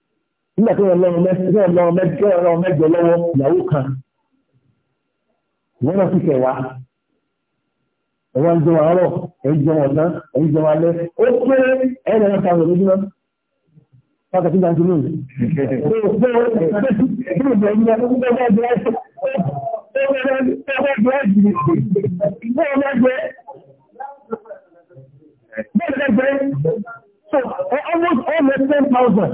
nígbà tó yàn lọ́wọ́ mẹ́jọ lọ́wọ́ ìyàwó kan wọ́n náà ti fẹ̀ wá ẹ̀wọ́n jẹun àárọ̀ ẹ̀yìn jẹun ọ̀sán ẹ̀yìn jẹun alẹ́ ó pé ẹ̀rọ ẹ̀rọ ta ọ̀rọ̀ lójúmọ́ pàtàkì náà ti lóyún. Almost almost ten thousand.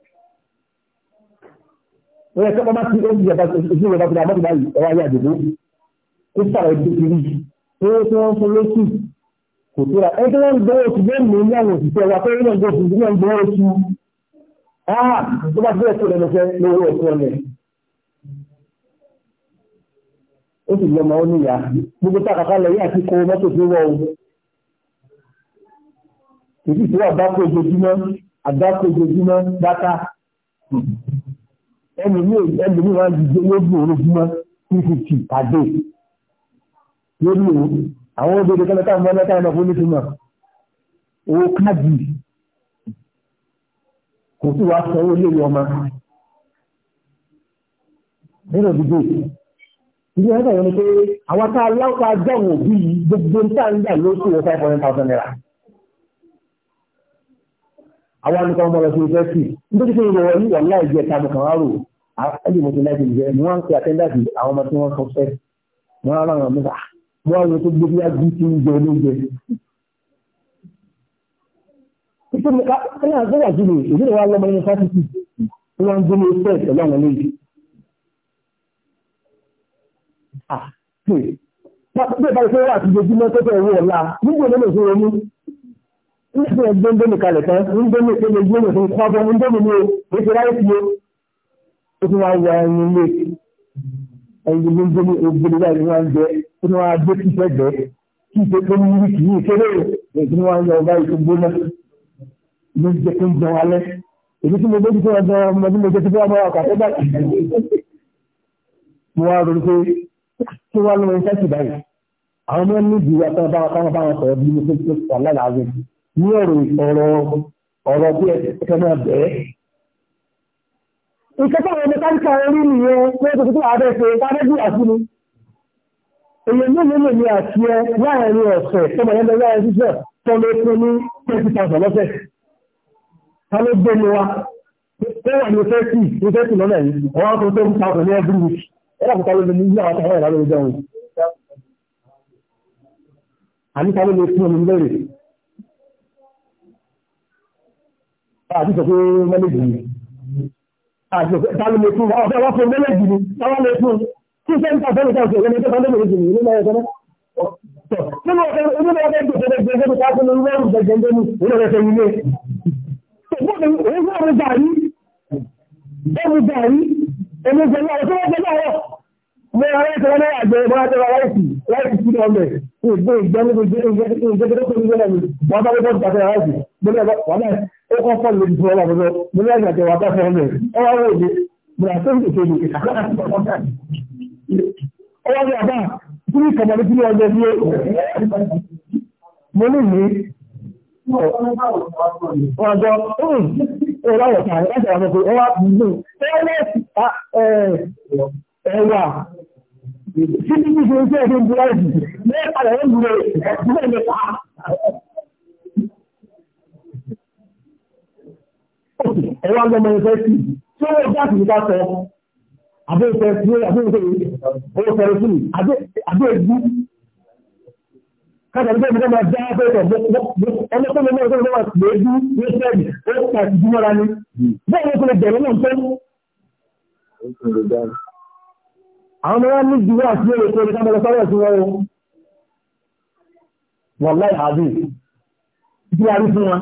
wọ́n yẹ kọ́kọ́ bá ti oúnjẹ bá ti oṣù rẹ̀ bá ti àmọ́ ti báyìí ẹ̀wá ayé àdìgbò ó sàrọ̀ ẹ̀dí kiri tó tí wọ́n fún lóṣù kò tó ra ẹni tí wọ́n ń gbọ́ oṣù bẹ́ẹ̀ mú ní àwọn òṣìṣẹ́ wa pé wọ́n ń gbọ́ oṣù wọ́n ń gbọ́ oṣù áà tó bá ti bẹ́ẹ̀ tó lẹ́nu fẹ́ lówó ọ̀tún ọ̀lẹ̀. ó sì lọ́mọ ó níyà gbogbo táàkàkà lọ yíyà ti kó mọ́tò tó wọ̀ o kìkì tó wà bá kó ojoojúmọ́ àdá kó ojoojúmọ́ dáká ẹlòmí ẹlòmí wọn ti gbé lójú orójúmọ́ three fifty per day lórí o àwọn obìnrin kan lọ́tà mọ́ lọ́tà ọ̀nà fún nítumọ̀ owó káàdì kò sí wàá sọ owó léèrè ọmọ nínú ìdíje ìdíje ẹ̀ka ìwọ̀n ni pé àwọn tá a láwùká jáwọ̀ òbí yìí gbogbo ń tà ń gbà lóṣù wọ five hundred thousand naira àwọn anìkan ọmọ rẹ̀ fi fẹ́ sí nítorí pé ìrọ̀rùn yìí wà láì jẹ́ ta nìkan wá rò ó àfẹ́lì mo ti láti jẹ́ mo wá ń pe àtẹ́ndàtì àwọn ọmọ tí wọ́n sọ fẹ́ wọ́n á láwọn mẹ́ta mo wá wo tó gbé bíyà bí ti ń jẹ olóúnjẹ. Títí mo ká ní àgbẹ̀wà sí mi, èyí ni wàá lọ́mọ yunifásitì tí wọ́n ń gbé ní ẹgbẹ́ ìtọ́lọ́ àwọn eléyìí. Bí ìbára ṣe wà àtijọ́ ojúmọ́ tó fẹ́ owó ọ̀la, nígbà olóòmọ̀ ìṣòro ronú. Nígbà tí wọ́n gbé ń gbé mi kalẹ̀ tán, ń gbé mi pé mo gbé mi fún kọ́ ó tún wáá ya ẹyin lé ẹyin ló ń gbé ní ogbèrè láì ní wọn jẹ ó tún wáá gbé kíkẹ́ jẹ kí ìṣe tó ní wí kì í kéré rẹ̀ tí wọ́n yọ ọba ìṣe gbóná ló ń jẹ tó ń jẹun alẹ́ èyí tí mo gbé tó ń jẹun ọmọdé mo jẹ tó fẹ́ ọmọ ọkà tó bá mo nǹkan táwọn mẹkáníkà orí nìyẹn wọ́n tó tó ààrẹ ṣe tàbí àfúnni èyí mélòó lè ní àti ẹ láàrin ọ̀sẹ̀ tó mọ̀ lẹ́gbẹ̀ẹ́ láàrin ṣíṣẹ́ tó lè fún ní 20,000 lọ́sẹ̀ ta ló gbé mi wa ó wà ní 30 ní 30 lọ́nà yìí ọwọ́ tó tó ń ta ọ̀sẹ̀ ní every week ẹ̀rọ àkọ́kọ́ ló ní ilé àwọn àtàwọn ìlànà ìjọ òun àní ta ló lè fún omi lẹ́rẹ̀ àti sọ Mo ara ẹ̀kọ́ náà àgbẹ̀ ẹ̀bọ́ àtẹ́wà láìsí láìsí sí ọmọ ẹ̀ ìgbẹ́ ìgbẹ́ ní gbogbo ìgbẹ́ ìgbẹ́ ìgbẹ́ ìgbẹ́ ìgbẹ́ ìgbẹ́ ìgbẹ́ ìgbẹ́ ìgbẹ́ ìgbẹ́ ìgbẹ́ ìgbẹ́ ìgbẹ́ ó kọ́ fọ́ lórí fún ọlá bọ́bọ́ mo ní àgbàjọ wa bá fọ́ ọmọ ẹ̀ ọ wá wò ní bùrà tó ń tètè ní ìta ọ wá ní àbá kí ní kàmá ní kí ní ọjọ́ bí mo ní ní ọjọ́ ó láwọ̀ tààrí láti àwọn ọmọkùnrin ọ wá bùnú ẹwà sí ní ìṣe iṣẹ́ ìṣe ìṣe ìṣe ìṣe ìṣe ìṣe ìṣe ìṣe ìṣe ẹ̀rọ agbọmọ ẹ̀fẹ́ sí tí ó jẹ́ àtìkà sọ àbẹ́ ìfẹ́ sí àbẹ́ ìfẹ́ olófẹ́rẹ́ sí àbẹ́ ìgbú kájà nígbà ìgbà máa dá abẹ́ ìfẹ́ ọlọ́pẹ́ mẹ́rin ọjọ́ ìgbà sí ẹgbú ní sẹ́ẹ̀dì ó pa ìdí mọ́ra ni bẹ́ẹ̀ ni ó fẹ́rẹ̀ bẹ̀rẹ̀ náà tẹ́ àwọn ọmọ wọn ní ìdíwọ́ àti èrè tó ní kámẹ́rẹ́ sọ́rọ̀ sí wọn wọ́n láì àdúgbò ìdíwọ́ àrí fún wọn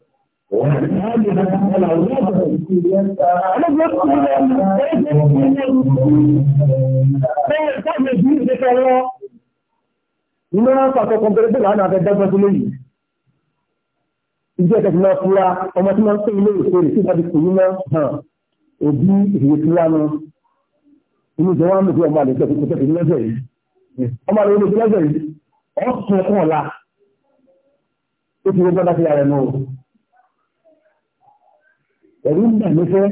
Ìgbẹ́ wọn pàtó kọmpẹrẹsì lánàá fẹ́ dẹ́gbẹ́ sí lóyìí. Ìjẹ́ ẹ̀kẹ́ lọ fúra ọmọ tí wọ́n ń pè ilé ìṣòro sí ìbájú kò níná hàn òbí ìwé tí wá nu. Inú ìjọ wọn mú sí ọmọ àlejò tó tẹ̀sí lẹ́sẹ̀ yìí. Ọmọ àlejò tó tẹ̀sí lẹ́sẹ̀ yìí, ọ̀ sún ẹkún ọ̀la. Ó ti wọ́n gbọ́dá sí ara ẹ̀ náà ẹ̀rú ń bà mí fẹ́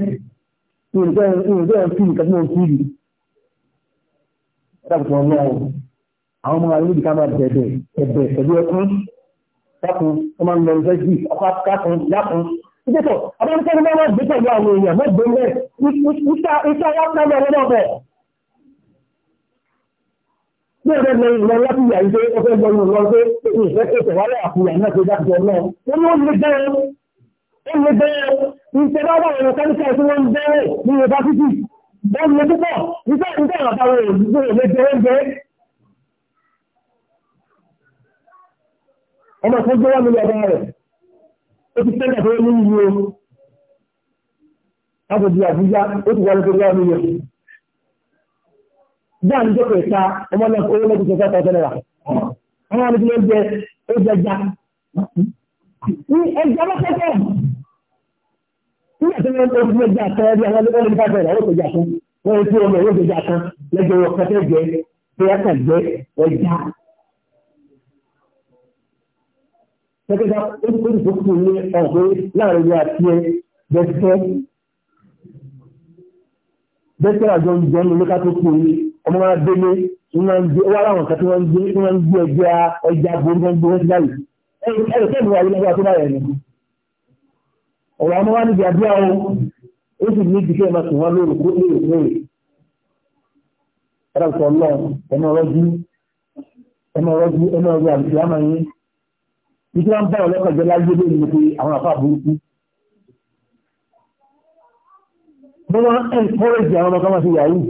ìrìnjẹ́ ọ̀sìn nǹkan tí mo kú yìí dákùtù ọlọ́run àwọn ọmọ àlejò ká máa bẹ̀bẹ̀ ẹ̀bẹ̀ pẹ̀lú ẹkún dákun wọ́n máa ń lọ ìfẹ́ sí ọkọ̀ àkàkùn dákun ìdẹ́tọ̀ abẹ́rẹ́sẹ́ni máa ń gbé pẹ̀lú àwọn èèyàn mẹ́gbẹ́ mẹ́ iṣẹ́ wá sáré ọlọ́dọ̀ bẹ̀. bí ọ̀rẹ́ lọ ìlọ láti yà ìdé ọfẹ́ gbọ́n lọ pé ìfẹ́ kéèké wálé àkùyà náà ti dákùtù ọlọ́run ilé bẹ̀rẹ̀ ìṣẹ́lá wà ọ̀nà kẹ́lẹ́kẹ́ tí wọ́n bẹ̀rẹ̀ ní yunifásitì bẹ́ẹ̀ ló púpọ̀ iṣẹ́ ìṣẹ́ àbáwọ̀ ìdúgbò lè bẹ̀rẹ̀ bẹ̀rẹ̀ ọmọ tó gbé wà nílẹ̀ ọba rẹ̀ ó ti tẹ́lẹ̀ tó ní ìlú ooru agbègbè àbújá ó ti wà ní torí wà nílẹ̀ bí àwọn ìjọba ìta ọmọ náà owó lọ́dún tó fẹ́ tọ́jú náírà àwọn àdúgbò ń jẹ ó jẹ já ní ẹgbẹ́ lọ́sẹ̀kẹ̀ nígbà tí wọ́n tó gbé jà kan ẹbí àwọn ọlọ́dún bá bẹ̀rẹ̀ àwọn òkèjà kan wọ́n ti ọmọ ìwé òkèjà kan lẹ́jọ́ wọn kọ́tẹ́ jẹ pé wọ́n kàn jẹ ọjà. Sẹ́kẹ́tà olùkọ́ni tó kù ní ọ̀gbẹ́ láàrin ìwé àti ẹ bẹ́tẹ́. Bẹ́tẹ́ àjọ ń jẹun ní ká tó kù ní ọmọ wa délé wọ́n láwọn kan tí wọ́n ń gbé ẹja borí wọ́n gbé wọ́n ti láyé. Ẹ̀rọ ọ̀rọ̀ ọmọ wa níbi àdúrà o ó sì ní ìdíkẹ́ ẹ̀ máa sùn wọn lóru kó lóru lóru ẹ̀rọ sọ lọ ẹ̀mọ rọ́jú ẹ̀mọ rọ́jú ẹ̀mọ rọ́jú àbùkù àmà yín bí kí wọ́n bá ọ̀rọ̀ ọkọ̀ jẹ́ láyé lórí ni pé àwọn àfa burúkú. mo máa ń encourage àwọn ọmọ kan máa ṣe yahoo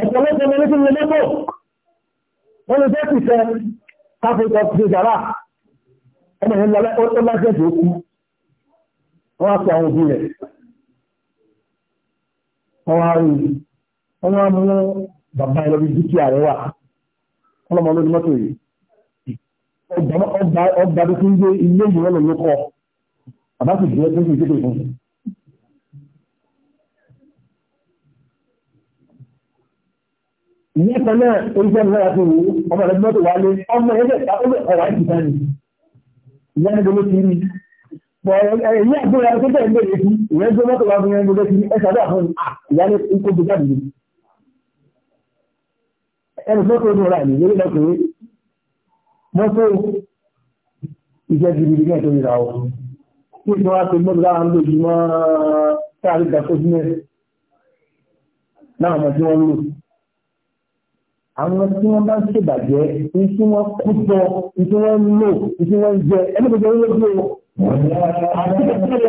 ẹ̀sọ́ lọ́sẹ̀ ọmọ lọ́sẹ̀ ọmọ lọ́sẹ̀ wọ́n lè fẹ́ pìtẹ́ káfíńtọ́ wọ́n á pọ̀ àwọn òbí rẹ̀ wọ́n á rí wọ́n á mú bàbá ẹ̀ lọ́bí dúkìá rẹ̀ wà ọlọ́mọ lórí mọ́tò yìí ọgbà tó tún gbé ilé ìwọ́n lọ lókọ́ bàbá sì jẹ́ tó sì kéde fún ìyẹn kan náà oríṣẹ́ mi lára fi wò ọmọ rẹ̀ mọ́tò wálé ọmọ ẹgbẹ́ ìta ó lè ọ̀rọ̀ àìsíta ni ìyá Èyí àgbóra tó bẹ̀rẹ̀ lè fi ìyẹn tó mọ́tò wá fún ẹni lọ sí ẹ̀ṣàdá fún ìyálé ikú tó jáde ní. Ẹni tó tó dùn ra ní lórí lọ pé mọ́tò iṣẹ́ ti rí náà tó rí ra ọ. Kí ìṣọ́ wá pé mọ́tò láwọn lòdì mọ́ sáàrí ìdàkó sí mẹ́rin náà mọ̀ tí wọ́n lò. Àwọn tí wọ́n bá ń ṣèbàjẹ́, ní tí wọ́n kú jọ, ní tí wọ́n lò, ní tí wọ́n jẹ, ẹni Àti ìṣẹ̀lẹ̀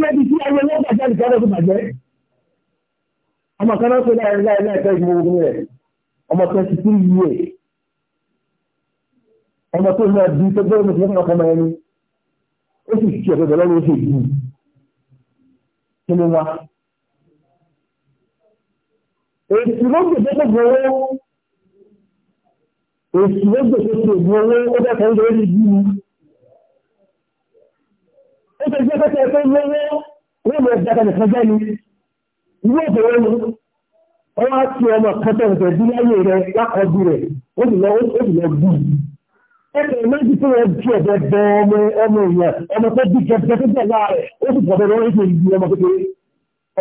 bá ìṣẹ̀lẹ̀ Ọmọ kan náà pé láàrin láàrin láìpẹ́ ìgbìmọ̀ rẹ̀, ọmọ kan ti tún yíè. Ọmọ tó náà bí tó gbọ́dọ̀ mọ̀ ọkọ̀ ọmọ ẹni, ó sì kí ọ̀dọ̀ lọ́wọ́ ó sì yìí. Kí ni wá? Èsì Èsì ló gbèsè sí òbí owó ó dẹ́kọ̀ lórí bí i. Ó ṣe jẹ́ pẹ́pẹ́ pé lówó wọ́n mọ̀ ìjọba nìkan jẹ́ ni. Ilé ìbẹ̀rẹ̀ ni ọwọ́ àti ọmọ kẹta ọ̀sẹ̀ bí láyé rẹ̀ lákọ̀ọ́bí rẹ̀ ó sì lọ ó sì méjì tí wọ́n ju ọ̀bẹ bọ ọmọ ọmọ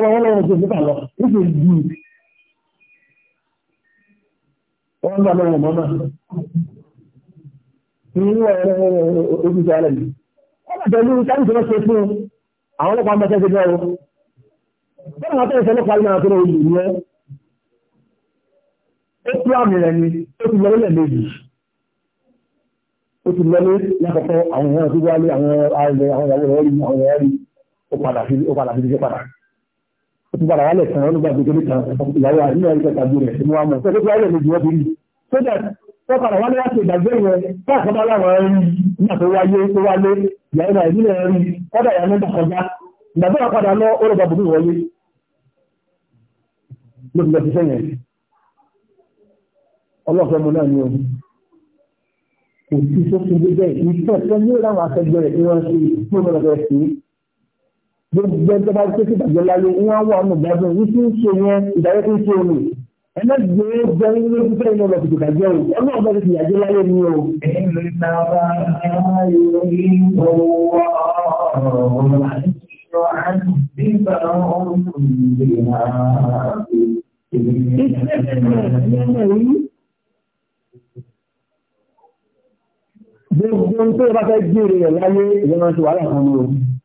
èèyàn ọmọ tó bí wọ́n ń gbà lọ́wọ́ mọ́mọ́ nínú ẹ̀rọ eh, ojúṣe alẹ́ yìí wọ́n pẹ̀lú táìsì lọ́sẹ̀ fún àwọn ọlọ́pàá mẹ́sẹ̀ ti bẹ́ẹ̀ o bẹ́ẹ̀ wọ́n tẹ̀sẹ̀ lọ́pàá ní àwọn olùdó ni ẹ́ ó tú àmì rẹ̀ ni ó ti lọ lẹ̀ méjì ó ti lọ lé lákọ̀ọ́kọ́ àwọn ọ̀rọ̀ tó wálé àwọn ààrẹ àwọn ìyàwó rẹ̀ rí àwọn ìyàwó rí ó padà fi ó padà fi ṣe padà ó ti padà wálẹ̀ kan olùgbàgbé kékeré kan ìyàwó àdínú ẹ̀ríkẹ́ tàbí rẹ̀ ni wọ́n mọ̀ pé kí wálẹ̀ lè jù wọ́n ti rí so that ó padà wálẹ̀ láti ìgbàgbé rẹ̀ káàkiri bá láwọn ẹ̀rí nígbà tó wáyé tó wálé ìyàwó náà ìdílé ẹ̀rí ọ̀dà ìyàwó náà kọjá ìgbà tó wà padà lọ olùgbàgbé mi wọlé ló ti lọ sí sẹ́yìn ọlọ́fẹ́ mu náà ni o kò sí sókè bẹ́ẹ̀ ìfẹ́ tó ní ìlànà àfẹ́gbẹ̀rẹ̀ ìrántí tó lọ́dọ̀ gbogbo ẹjọ́ bá gbé síbàjẹ́ láyé wọ́n wà ọ̀nà ìgbàdùn yìí tí ń ṣe yẹn ìdájọ́ tó ń ṣe omi ẹlẹ́gbẹ́ jẹ́ ilé fífẹ́ ìlú ọ̀bẹ̀ tìjọba jẹ́ o ọlọ́run ọ̀bẹ̀ ti yàjẹ́ láyé ni o. Gbogbo ń tó bá fẹ́ gbére rẹ̀ láyé ìyẹn máa ń ṣe wàhálà kan ní o.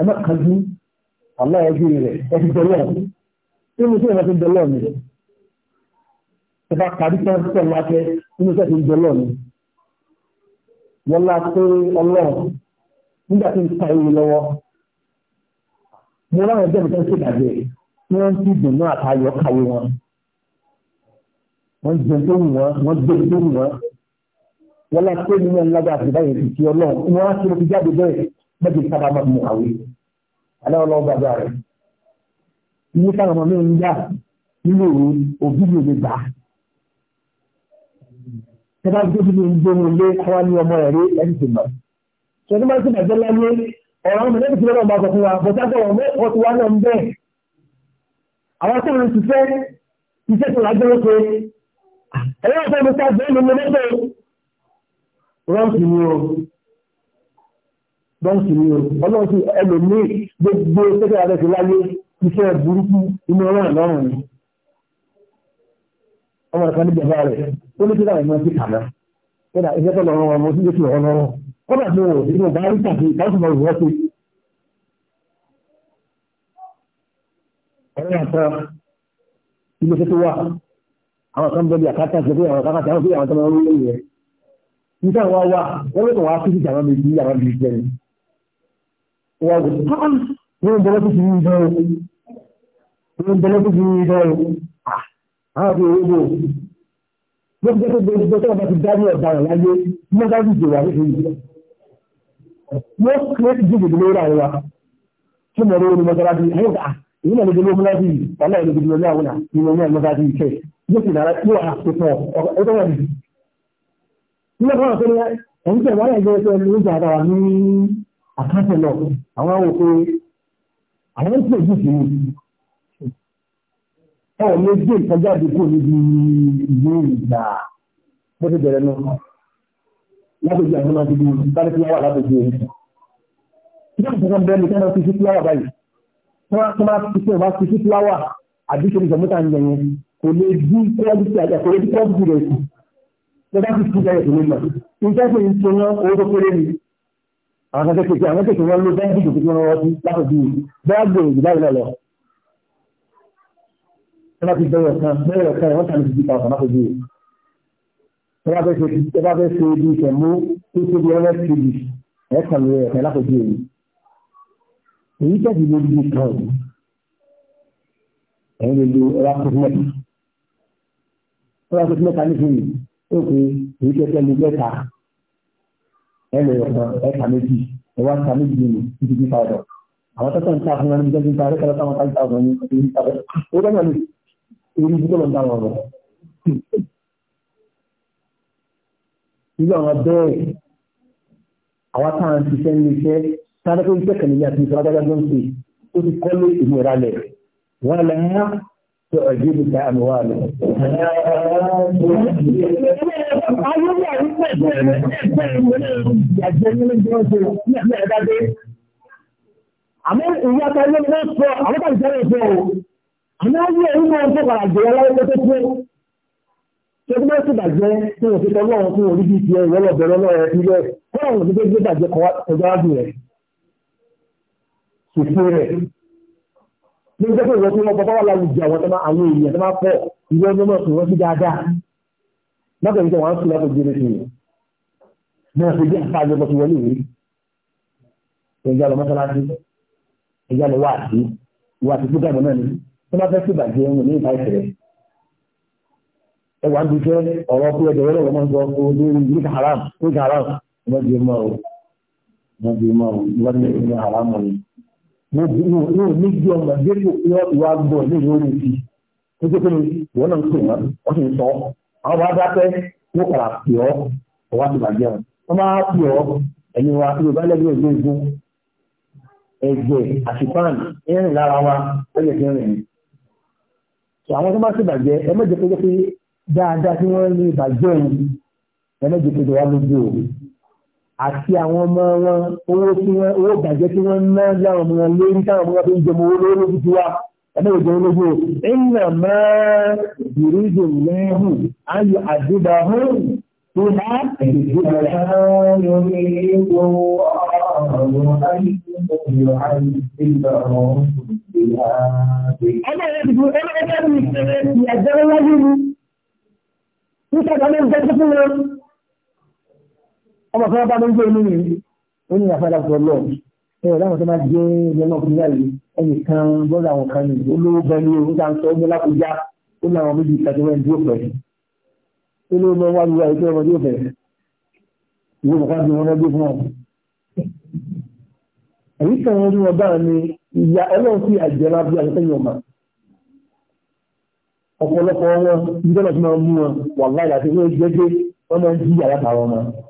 ẹ má kájú aláyọjú rẹ̀ ẹ ti bẹ̀rẹ̀ ọ̀hún tí mo sọ̀rọ̀ ti bẹ̀rẹ̀ ọ̀hún ẹ bá parí sọ́ọ̀sọ̀ lákẹ́ tí mo sọ̀rọ̀ ti bẹ̀rẹ̀ ọ̀hún wọ́n lá pé ọlọ́run nígbà tí ń ta ewu lọ́wọ́ mo ráwọn ẹgbẹ́ mi tó ń ṣèdàgbẹ́ tí wọ́n ń fi dùnú àtayọ̀ kàwé wọn wọ́n jẹ tó wù wọ́n wọ́n gbé tó wù wọ́n wọ́n lá pé nínú ẹ̀ ń lágbàá báyìí ti ọlọ́run wọ́n á ṣe mo ti jáde bẹ́ẹ̀ bẹ́ẹ̀ sábà máa mú àwé aláwọ̀lọ́wọ́ bàbá rẹ̀ ilé sáwọn ọmọ mẹ́rin yá nílé ìwé òbí mi lè gbà tẹ́lá tó bí mi ń gbé mi lé káwá ní ọmọ ẹ̀rí ẹ̀rí ti mọ̀ ṣe ní máa ń tẹ̀lé láyé ọ̀rọ̀ ọmọ lẹ́yìn tí lọ́wọ́ máa kọ̀ọ̀kan wa bọ̀tá tó wọ̀ mẹ́kọ̀ọ́ tó wá náà ń bẹ́ẹ̀ àwọn tó ń ṣiṣẹ́ iṣẹ́ tó lájọ́ lóko ẹ̀rọ ọ̀fẹ́ mi sá bẹ́ẹ̀ mi lọ́dọ̀ ni o bọ́ǹsì ni o ọlọ́run ti ẹlòmíì gbogbo sẹ́kẹ̀ rẹ̀ ti láyé iṣẹ́ burúkú inú ọlọ́run lọ́rùn ni ọmọ kan ní bàbá rẹ̀ ó ní kíkà ìmọ̀ sí kàná kódà iṣẹ́ tó lọ́rọ̀ ọmọ sí lóṣù ọ̀rọ̀ lọ́rọ̀ kódà tó wò sí ìwọ̀n rí tàbí ìtàkùn mọ̀ ìwọ́ sí. ọ̀rẹ́ àtọ́ ilé tó wà àwọn kan bẹ́ẹ̀ bí àkátà ṣe pé àwọn kan kàtà àwọn tó máa ń rí nígbà wá wá wọ́n lè kàn wá sí ìjàmbá mi wọ́n bẹ̀rẹ̀ tó fi ń jẹ́ wọ́n bẹ̀rẹ̀ tó fi ń jẹ́ àwọn òwúrò gbogbo orí mọ́gára bí èyí náà lójú lómúlá bí ìlú gbogbo ní àwọn ìwọ̀n ní àmọ́gá bí yóò fi dára yóò àkókò ọ̀tọ̀ wọn nígbà àkáǹtì lọ àwọn àwọn òkú àwọn ń pèjú sí i ọ̀ lè gbé nǹkan jáde kó níbi ìwé ìgbà bó ti bẹ̀rẹ̀ náà látòjú àwọn ọmọ ìdílé sáré tí wọ́n wà látòjú ẹ̀yìn. Ìjọba ìṣẹ̀kan bẹ́ẹ̀ ni kí wọ́n fi sí fúláwà báyìí. Tí wọ́n ti fi wá fi sí fúláwà àdúgbò ìjọmọ́ta ń yẹn kò lè dí kọ́ọ̀dù sí àjà kò lè dí kọ́ọ̀dù sí rẹ̀ sí. Lọ́dá ti fi jẹ́ ìṣòro náà. Ìjọba ìṣẹ̀kan owó tó kéré ni àwọn akẹ́kẹ́ kékeré àwọn akẹ́kẹ́ wọn ló bẹ́ẹ̀ dìjò kékeré wọn sí látọ̀jú bẹ́ẹ̀ gbèrè jù báyìí lọ. ẹ bá ti bẹ̀rẹ̀ kan bẹ̀rẹ̀ kan wọ́n tàbí ti tàwọn látọ̀jú rẹ̀. ẹ bá fẹ́ ṣe ibi ìṣẹ̀mú tó tóbi ẹ̀rọ tìbì ẹ̀ kàn lórí ẹ̀kan látọ̀jú rẹ̀. èyí tẹ̀sí ló di kan ẹ̀yìn lè lo ẹ̀rọ akọ̀tùmẹ́ta. ẹ̀rọ akọ̀tùmẹ́ta nífẹ̀ẹ́ ẹlẹ́yọ̀ kan ẹ̀ka méjì ẹ̀wá ka méjì nínú títí bí fáwọn àwọn tẹ́tọ̀ ń ta fún ẹni jẹ́ nípa ẹ̀kẹ́lẹ́ táwọn táwọn táwọn ní orí ìtàbẹ̀ ó dẹ́gbẹ̀ ní orí ìbúkọ́ lọ ń dáwọn ọ̀rọ̀ nígbà wọn bẹ́ẹ̀ àwọn táwọn ń ṣiṣẹ́ ní iṣẹ́ sáré tó ń tẹ̀kẹ̀ níyà tí ìṣẹ́ adájọ́ ń ṣe ó ti kọ́lé ìmúra lẹ̀ wọ́n lẹ́yìn تعجبك أموالك àmọ́ ìyá tàbí ọmọ sọ àwọn tàbí sẹ́rẹ̀ fẹ́ o àmọ́ ayé ẹ̀rí máa ń fọ́kàrà jẹ́ aláwọ̀ tó tó tó tó tó bàjẹ́ tí wọ́n ti tọ́ lọ́wọ́ fún orí bí ti ẹ̀rọ lọ́bẹ̀rẹ̀ lọ́rẹ̀ ilẹ̀ fọ́nà wọ́n ti tó gbé bàjẹ́ kọjá rẹ̀ ní ìjọ pé ìwọ́n tí wọ́n bọ́bá wà láwùjọ àwọn tọ́mọ àwọn èèyàn tọ́mọ pọ̀ ìwé ọmọ náà tó wọ́n sí dáadáa lọ́pọ̀ ìjọ wọn sílẹ̀ fún jẹ́rẹ́ ìwé náà fi jẹ́ àfáàjọ bọ́ sí wọlé ìwé ìjà lọ mọ́sálásí ìjà lọ wà sí wà sí fúgà mọ́ náà ni tó bá fẹ́ sí ìbàjẹ́ wọn ní ìta ìfẹ́ ẹ wà ń du ní oníjì ọmọ ìgbérí òpin ìwà gbọ́ ní ìlú orí ti tó tó kéde ìwọ náà ń pè wọn wọn sì ń sọ àwọn bá dákẹ́ wọn kàrà pè ọ ọwọ́ àti bàjẹ́ wọn wọn máa pè ọ ẹ̀yin wa ilé ìbálẹ̀ bí ẹgbẹ́ ìgbó ẹgbẹ́ àti pan ẹ̀rìn lára wa ẹgbẹ́ ti rìn so àwọn tó bá sì bàjẹ́ ẹ mẹ́jọ pé dáadáa tí wọ́n ní ìbàjẹ́ yìí ẹ mẹ́jọ pé wọ́n lójú òru àti àwọn ọmọ wọn owó tí wọn owó ìgbàjẹ́ tí wọ́n ná láwọn ọmọ wọn lórí táwọn ọmọ wọn fi ń jẹmọ owó lórí lójú ti wá ẹgbẹ́ ìjọ ológun o ẹ̀yìnà máa bìrìdì lẹ́hùn ayọ̀ àdúgbà hàn tó ná ìdíjọba rẹ̀. ẹgbẹ́ ìdìbò ẹgbẹ́ ìdìbò ẹgbẹ́ ìdìbò ẹgbẹ́ ìdìbò ẹgbẹ́ ìdìbò ọmọ kan bá lóúnjẹ inú mi ó ní àfẹ́ láti ọlọ́ ẹ̀ láwọn tó máa jẹ́ ẹgbẹ́ náà fún ẹnì kan bọ́dọ̀ àwọn kan ní olówó gan ni òun dáńtọ́ ó ní lákòjá ó ní àwọn méjì ìtajà wọn dúró pẹ̀ olówó lọ wá lùwà ìtọ́ ọmọdé ọ̀fẹ́ ìwé bàbá mi wọn lọ́dún fún ọ. èyí kan wọn rí wọn bára ni ìyá ọlọ́run sí àjẹlá bí àtẹ́yìn ọ̀mà ọ̀pọ̀lọpọ̀ wọn ìjọba ti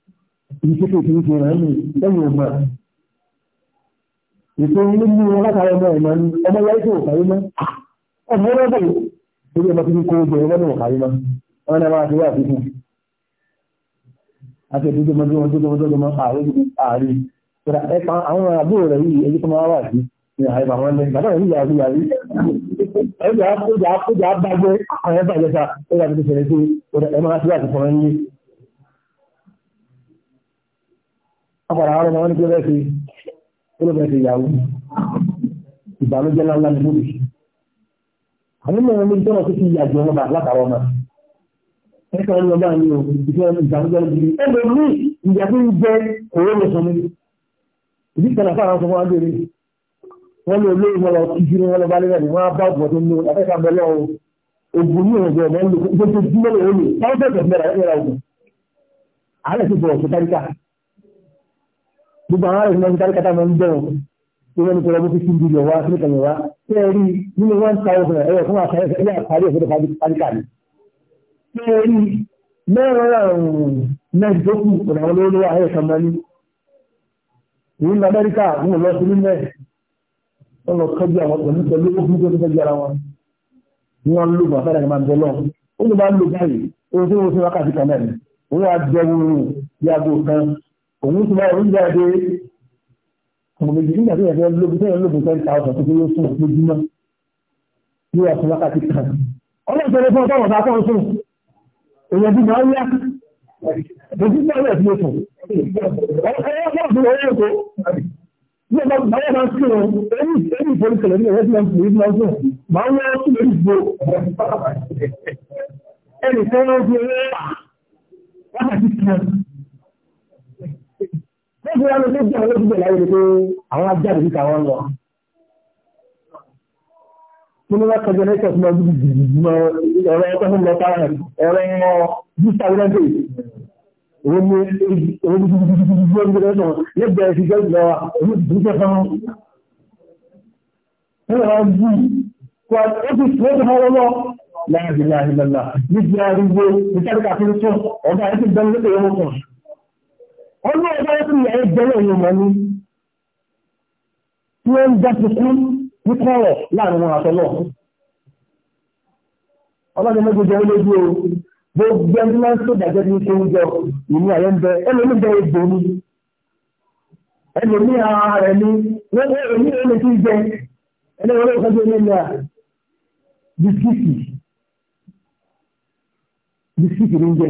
ìṣètò ìṣètò rẹ̀ ní lẹ́yìn ọgbà ètò ilé ní látara ọmọ ẹ̀mọ́ ní ọmọ yáyé tó kàrí mọ́ ọmọ ọlọ́dọ̀ torí ọmọ tí kò jẹ ọmọ náà kàrí mọ́ ọmọ náà máa ti wá àfikún àti ẹ̀dùn tó mọ́jú ọjọ́ ọjọ́ ọjọ́ máa pààrọ̀ ìdíkù ààrí ìrà ẹ̀pà àwọn àbúrò rẹ̀ yìí ẹ̀yí tó máa wà sí ní àìbà wọn lẹ́yìn bàbá yìí yàrí yàrí ẹ̀yà àkójà àkójà bàjẹ́ àwọn ẹ̀bàjẹ́ sa ó yà ọ̀pọ̀lọpọ̀ àwọn ọmọ wọn ní kí ló fẹ́ ṣe kí ló fẹ́ ṣe ìyàwó ìbànújẹ́ ńlá ní lórí àwọn ọmọ wọn ní kí wọn tó ti yàjọ wọn bá látara ọmọ ẹ̀ka ọmọ bá ní òun ìfẹ́ ìbànújẹ́ lórí ẹgbẹ́ mi ìyà tó ń jẹ òun lọ sọmọ ìdí kan náà fáwọn ọmọ wọn lórí wọn lọ lórí wọn lọ kí jírí wọn lọ bá lẹ́rẹ̀ ní wọn bá ọ̀pọ̀ tó ń lo o ògùn ní ìrìnàjò ọ̀mọ́ ń lo ojoojúmọ́ lè wọlé táwọn bẹ̀rẹ̀ bẹ̀rẹ̀ ẹ̀rọ gbogbo àwọn arìnrìn náà ń darí kátà máa ń bẹ̀rù pé wọ́n ní kọ́ra bókú sí ìdílé wa sí ìkànnì wa ṣé ẹ rí nínú one thousand ẹ̀rọ fún àṣà ẹ̀rọ àpárí ẹ̀fọ́ pálíkà ni ṣé ẹ rí mẹ́rin àrùn náà tó kù ọ̀nà àwọn olówó ayé kan mọ́ ní ìlú Amẹ́ríkà wọn lọ sí nílẹ̀ wọn lọ kọjú àwọn pẹ̀lú pẹ̀lú ogun tó fẹ́ jara wọn ni wọ́n lò wọn fẹ́rẹ̀ máa bẹ lọ́wọ́ ó ní ń lò báyìí ohun òun ti máa ń jáde ọmọ méjì nígbà tí ìyàtọ̀ lóbi tẹ́lẹ̀ lóbi ten thousand tó kéré fún lójúmọ́ ní ọ̀sán wákàtí kan ọlọ́run tẹ́lẹ̀ fún ọ̀tọ̀ ọ̀tọ̀ akọ́run fún èèyàn bí máa ń yá lójú náà yẹ̀ sí oṣù ọlọ́run fún orí èkó ní ọba báyọ̀ máa ń sí wọn ẹni ẹni ìfọ̀rí kẹlẹ̀ ní ẹ̀rẹ́ tí wọ́n fi máa ń fún máa ń wọ́n sí lórí ìgbò ẹni tẹ́lẹ̀ fún ọlọ́run wákàtí kan Ṣéjì wọn ló jẹ́ àwọn olóògbé láyé ni pé àwọn ajáde níta wọn lọ. Mo ní wọ́n kọjọ lẹ́sẹ̀ fún ọdún ìgbìmọ̀ ẹ̀rọ ẹ̀kọ́ fún lọ́ta ẹ̀rọ bíta wúlẹ́dẹ̀. Èwo ni èwo ni gbígbó ní gbígbó lẹ́gbẹ̀ẹ́ ìṣiṣẹ́ ìjọ wa, èwo ni ìṣiṣẹ́ fún wọn. Wọ́n lọ́wọ́ bí wọ́n ti wọ́n ti fọwọ́ lọ láàrin láàrin lọ́la. Níbi ariwo, ìṣàdíkà fi ń sọ, ọ̀gá ẹ̀ ti dán ọlọ́run bá yẹ na ìyá onye jẹ́ lẹ́yìn ọmọ ní tí wọ́n ń dákú kú ní kọ́rọ̀ onye wọn àtọ́lọ́ ọlọ́run mẹ́jọ jẹ́ lójú o gbogbo ẹni máa ń tó dàjẹ́ ní ṣe ń jọ ìní àyẹ́ ara rẹ̀ ni onye ní ẹni tí ń jẹ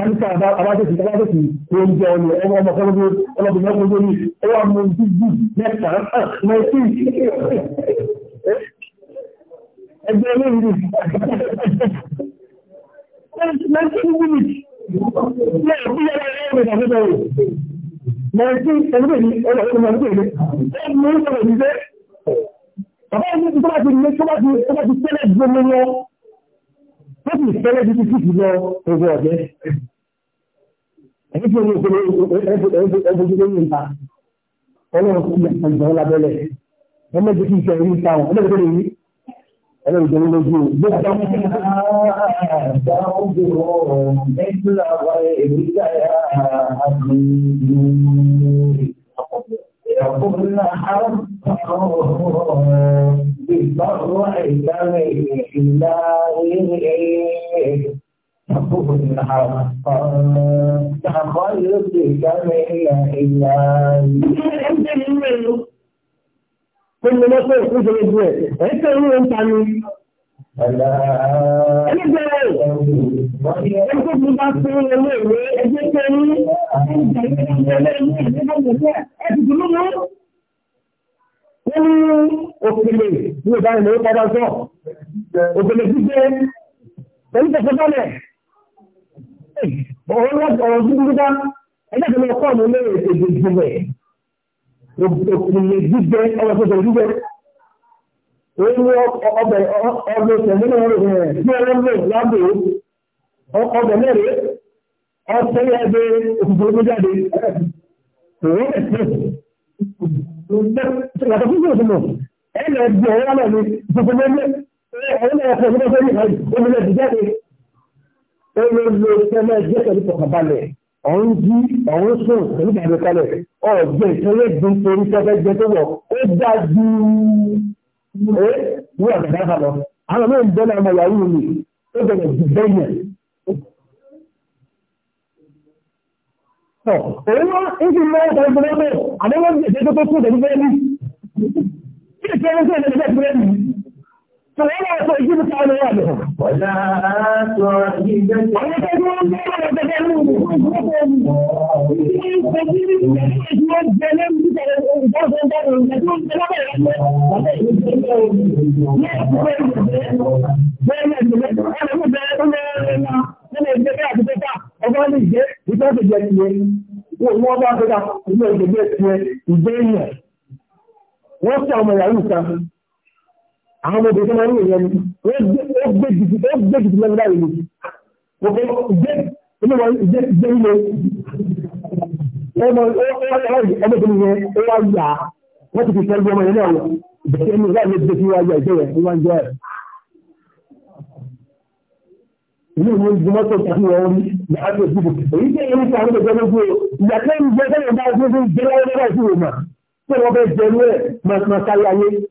Àríkà àbájọ́sí àbájọ́sí oúnjẹ ọ̀nà ọmọ ọmọkọ́lọ́gbọ́ ọlọ́bìnrin ọgbọ́gbọ́ ní ọwọ́ àmọ́ ìdíjú mẹ́ta mẹ́tí ẹgbẹ́ olóòrùn mẹ́tí wúlìtì mẹ́tí ẹgbẹ́ni ọlọ́run ọgbẹ́ni ẹgbẹ́ olóòrùn mẹ́tí ó sì fẹ́lẹ́ bí títí lọ owó ọ̀jẹ́. Ẹni tí ó ní ìpele ẹgbẹ́jú lórí ìta, ọlọ́run sí ìjọba lábẹ́lẹ̀. Wọ́n mẹ́jọ sí ìṣẹ́ ìrìn ìta wọn, ọlọ́run tó lè rí. Ọlọ́run tó lè lójú o. Bó ti dáhùn sí ìta. فقل حرفه بطرعك من إلهي فقل حرفه تخلقك من إلهي كل ما تقول في الجوع انت هو انت عميل Ẹgbẹ́ ẹgbẹ́ tó bá fún ẹlé ìwé ẹgbẹ́ tẹ́ ní ẹgbẹ́ ní ìgbẹ́ ìgbẹ́ ẹgbẹ́ lọ́wọ́. Ó ní òkèlè ní ìdánilẹ̀ ó padà sọ. Òkèlè gbígbé pẹ̀lú Èyí ni ọbẹ̀ tẹ̀lé náà rẹ̀ bí ọwọ́ lè lábò ọbẹ̀ mẹ́rẹ̀ ọtẹ́ ẹgbẹ́ òkùnkùn ló jáde. Yàtọ̀ fún ìṣòro mọ̀, ẹ lọ bí ọwọ́ náà ní ìṣòro mẹ́lẹ̀ ẹ̀rọ náà fẹ́ ọdún mẹ́fẹ́ yìí omi náà ti jáde. Ó lè lo ìṣẹ́lẹ̀ jẹ́ pẹ̀lú pọ̀kànbalẹ̀, ọ̀hún jí, ọ̀hún sùn pẹ̀lú ìdàgbẹ́kalẹ̀, ọ̀gbẹ́ ìṣẹ́lẹ̀ gbé torí sẹ́fẹ́ jẹ tó wọ̀, ó dájú ee ní ọ̀nà dáhà lọ àwọn mẹ́rin bẹ́ẹ̀ náà yàrá mi ó bẹ̀rẹ̀ jù bẹ́yẹn. òun wá ń fi mọ́ ọ̀sán ìgbìmọ̀ àdéhùn ìṣèjọ́ tó kú ìdẹ̀bí bẹ́ẹ̀ ni kí ni kí ẹni فلا تعجبك أموالهم ولا تعجبك Wọ́n sọ ọmọ ìyàwó ìta àwọn ọmọ obìnrin tó máa ń rìn yẹn ni ó gbé jìbì ó gbé jìbì lẹ́nu láì lè òkè ìgbé inú wọn ìgbé ìgbé ilé ọmọ obìnrin yẹn ó wá yà á wọ́n ti fi sẹ́ńdí ọmọ yẹn náà wọ̀ ìgbésẹ̀ ẹni láì lè gbé sí wá yà ìgbé rẹ̀ wọ́n jẹ́ ẹ̀. Ilé ìwé ìgbìmọ̀tò tàbí wọn rí ní àgbẹ̀ ìdìbò. Èyí tí èyí tí àwọn ọmọdé gbé ìyàtọ̀ ìgbésẹ̀ ìgbà ọdún ìgbéra ọdún ìgbéra ìgbéra ìgbéra ìgbéra ìgbéra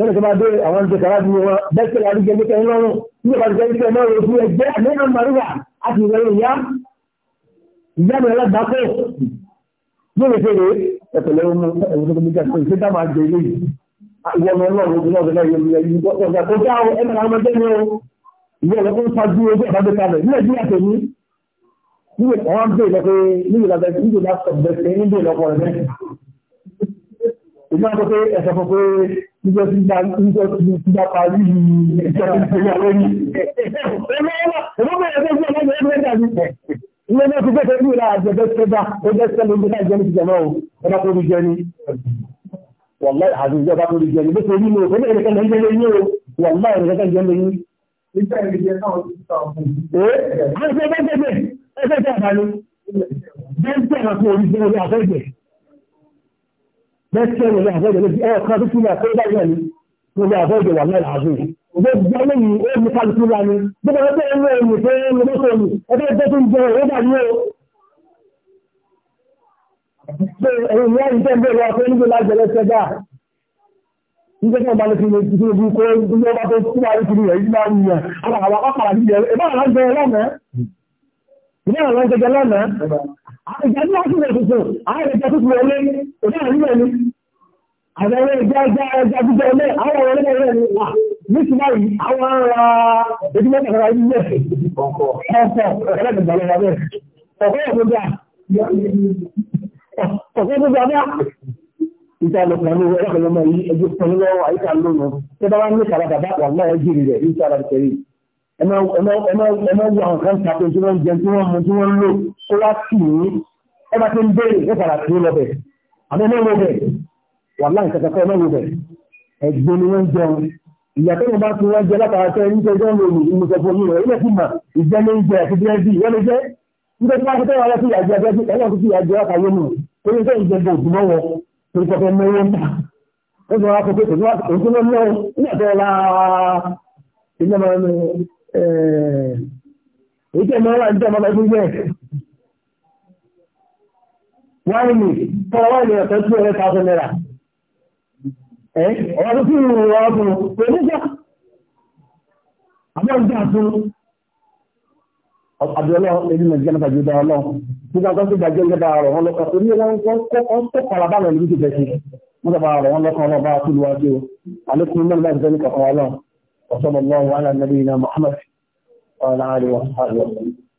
lọ́nà tó bá dé àwọn ìjọ kàrá ní wọn bẹ́ẹ̀kẹ́ àríjẹ ní kẹrin lọ́rùn ní ọ̀pá ìjọ ìjọ náà òfin ẹgbẹ́ àmẹ́nà màrúwà àti ìwẹ̀ ìyá ìyá mi alágbàkọ́ ní òfèrè ẹ̀pẹ̀lẹ̀ ohun ẹ̀wọ̀n tó gbẹ́jà pé ìfẹ́ dáàmà jẹ ilé yìí ìwọ ọmọ ọlọ́run ojú náà bẹ̀rẹ̀ yẹn yẹn yìí ọjà kó já ẹ mẹ́ra ọmọ jẹ́ ní o ìwọ ọ̀rẹ́ kó ń fajú ojú àbábẹ́ kalẹ̀ ní nàìjíríà tèmi níwèé àwọn bèèrè lọ pé níwèé lọ bẹ níwèé lọ sọ bẹ èmi àti pé ẹ̀sẹ̀ fọ́ pé níjọ́ tí bá níjọ́ tí bá parí ìjọ ìgbéyà lórí. Ilé náà ti gbẹ́sẹ̀ nílá àjẹ́bẹ́ sẹ́gbà ó jẹ́ sẹ́lẹ̀ ìgbẹ́ náà jẹ́ni ìjọba ò ọba tó rí jẹni. Wàlá àti ìjọba tó rí jẹni bó ṣe rí lò pẹ̀lú ẹ̀rẹ́kẹ́ lọ jẹ́lẹ̀ yín o wàlá ẹ̀rẹ́kẹ́ jẹ́lẹ̀ yín. Ìjọba ìjẹ́ náà ti sọ fún mi. Ẹ́ ẹ́ ṣe bẹ́ẹ̀ bẹ́ẹ̀ ẹ̀ṣẹ̀ bẹ́ẹ̀ tí ẹ̀rọ ní àbẹ́jọ lójú ẹ̀rọ kan tó fi máa kọ́ báyìí ní gbogbo àbẹ́jọ wà náà àbẹ́ gbogbo eléyìí ó ní kálukú wa ni gbogbo ẹgbẹ́ ẹ̀rọ ẹ̀rọ tó ń lọ sọ ni ẹgbẹ́ ẹgbẹ́ tó ń jẹ ẹ̀rọ bà ní o. ṣé ẹ̀rọ ìwé ẹ̀rọ tẹ́ ń bẹ̀rẹ̀ ọkọ̀ nígbà lájẹ lẹ́sẹ̀ dáa nígbà tí wọ́n bá lè fi lè fi lè kó ẹgbẹ́ ọba tó kú wa lè fi lè yẹ ní àwọn jẹjẹ lọ́nà ìjà ní láti rẹ̀ tuntun ààrẹ jẹ tuntun olé òní àríwẹ̀ ni àbẹ̀rẹ̀ ìjà ẹja ẹja jíjẹ olé àwọn ọ̀rẹ́ mẹ́rẹ̀ ni wà ní ti báyìí àwọn ará ojúmọ́ kàkàrà yìí yẹ ọ̀pọ̀ ẹlẹ́gbẹ̀gbẹ̀ lọ́wọ́ bẹ́ẹ̀ ọ̀pọ̀ ẹ̀kọ́ bí ọ̀pọ̀ bí ọ̀pọ̀ ìta lọ pẹ̀lú ẹlẹ́gbẹ̀lọ́mọ yìí ẹjọ́ pẹ̀lú lọ́wọ́ àyíká lónìí tẹ́bá wá ní kàrà bàbá wà náà ẹjì rẹ̀ ìta rẹ̀ tẹ̀lé ẹmọ́wọ́ àwọn kan tàbí tí wọ́n jẹ tí wọ́n mú tí wọ́n lò ó wá sí ní ẹbá tí ń bèèrè lẹ́pàá tí ó lọ́bẹ̀ àmọ́ ẹmọ́wọ́ bẹ̀ wà láì kẹkẹkẹ ẹmọ́wọ́ bẹ̀ ẹgbẹ́ ni wọ́n jẹun ìyàtọ̀ ìbá tí wọ́n jẹ látara tẹ́ ní tẹ́jọ́ lò ní ìmùsọ̀fọ̀ yìí rẹ̀ ilẹ̀ tí mà ìjẹ́ ní ìjẹ́ àti bíẹ́bí wọ́n lè jẹ́ nígbà tí wọ́n fi tẹ́wọ́ lọ́sí ìyàjẹ́ ẹgbẹ́ ẹgbẹ́ tí ìyàjẹ́ ọkà yé mu torí tẹ́ ìjẹ́ bò jùmọ́ wọ torí tẹ́ fẹ́ mẹ́wọ́ mọ́ ó sọ wá sọ pé òṣèlú ọmọ ilẹ̀ tẹ́ la ilé ọmọ èyí tẹ́ máa wà ní tẹ́mọ́ bẹ́ẹ̀ fún yẹ́ wáìnì tọ́rọ wáìnì ọ̀tọ́ tí ó rẹ̀ tàbí náírà ọ̀rọ̀ وصلى الله على نبينا محمد وعلى آله وصحبه وسلم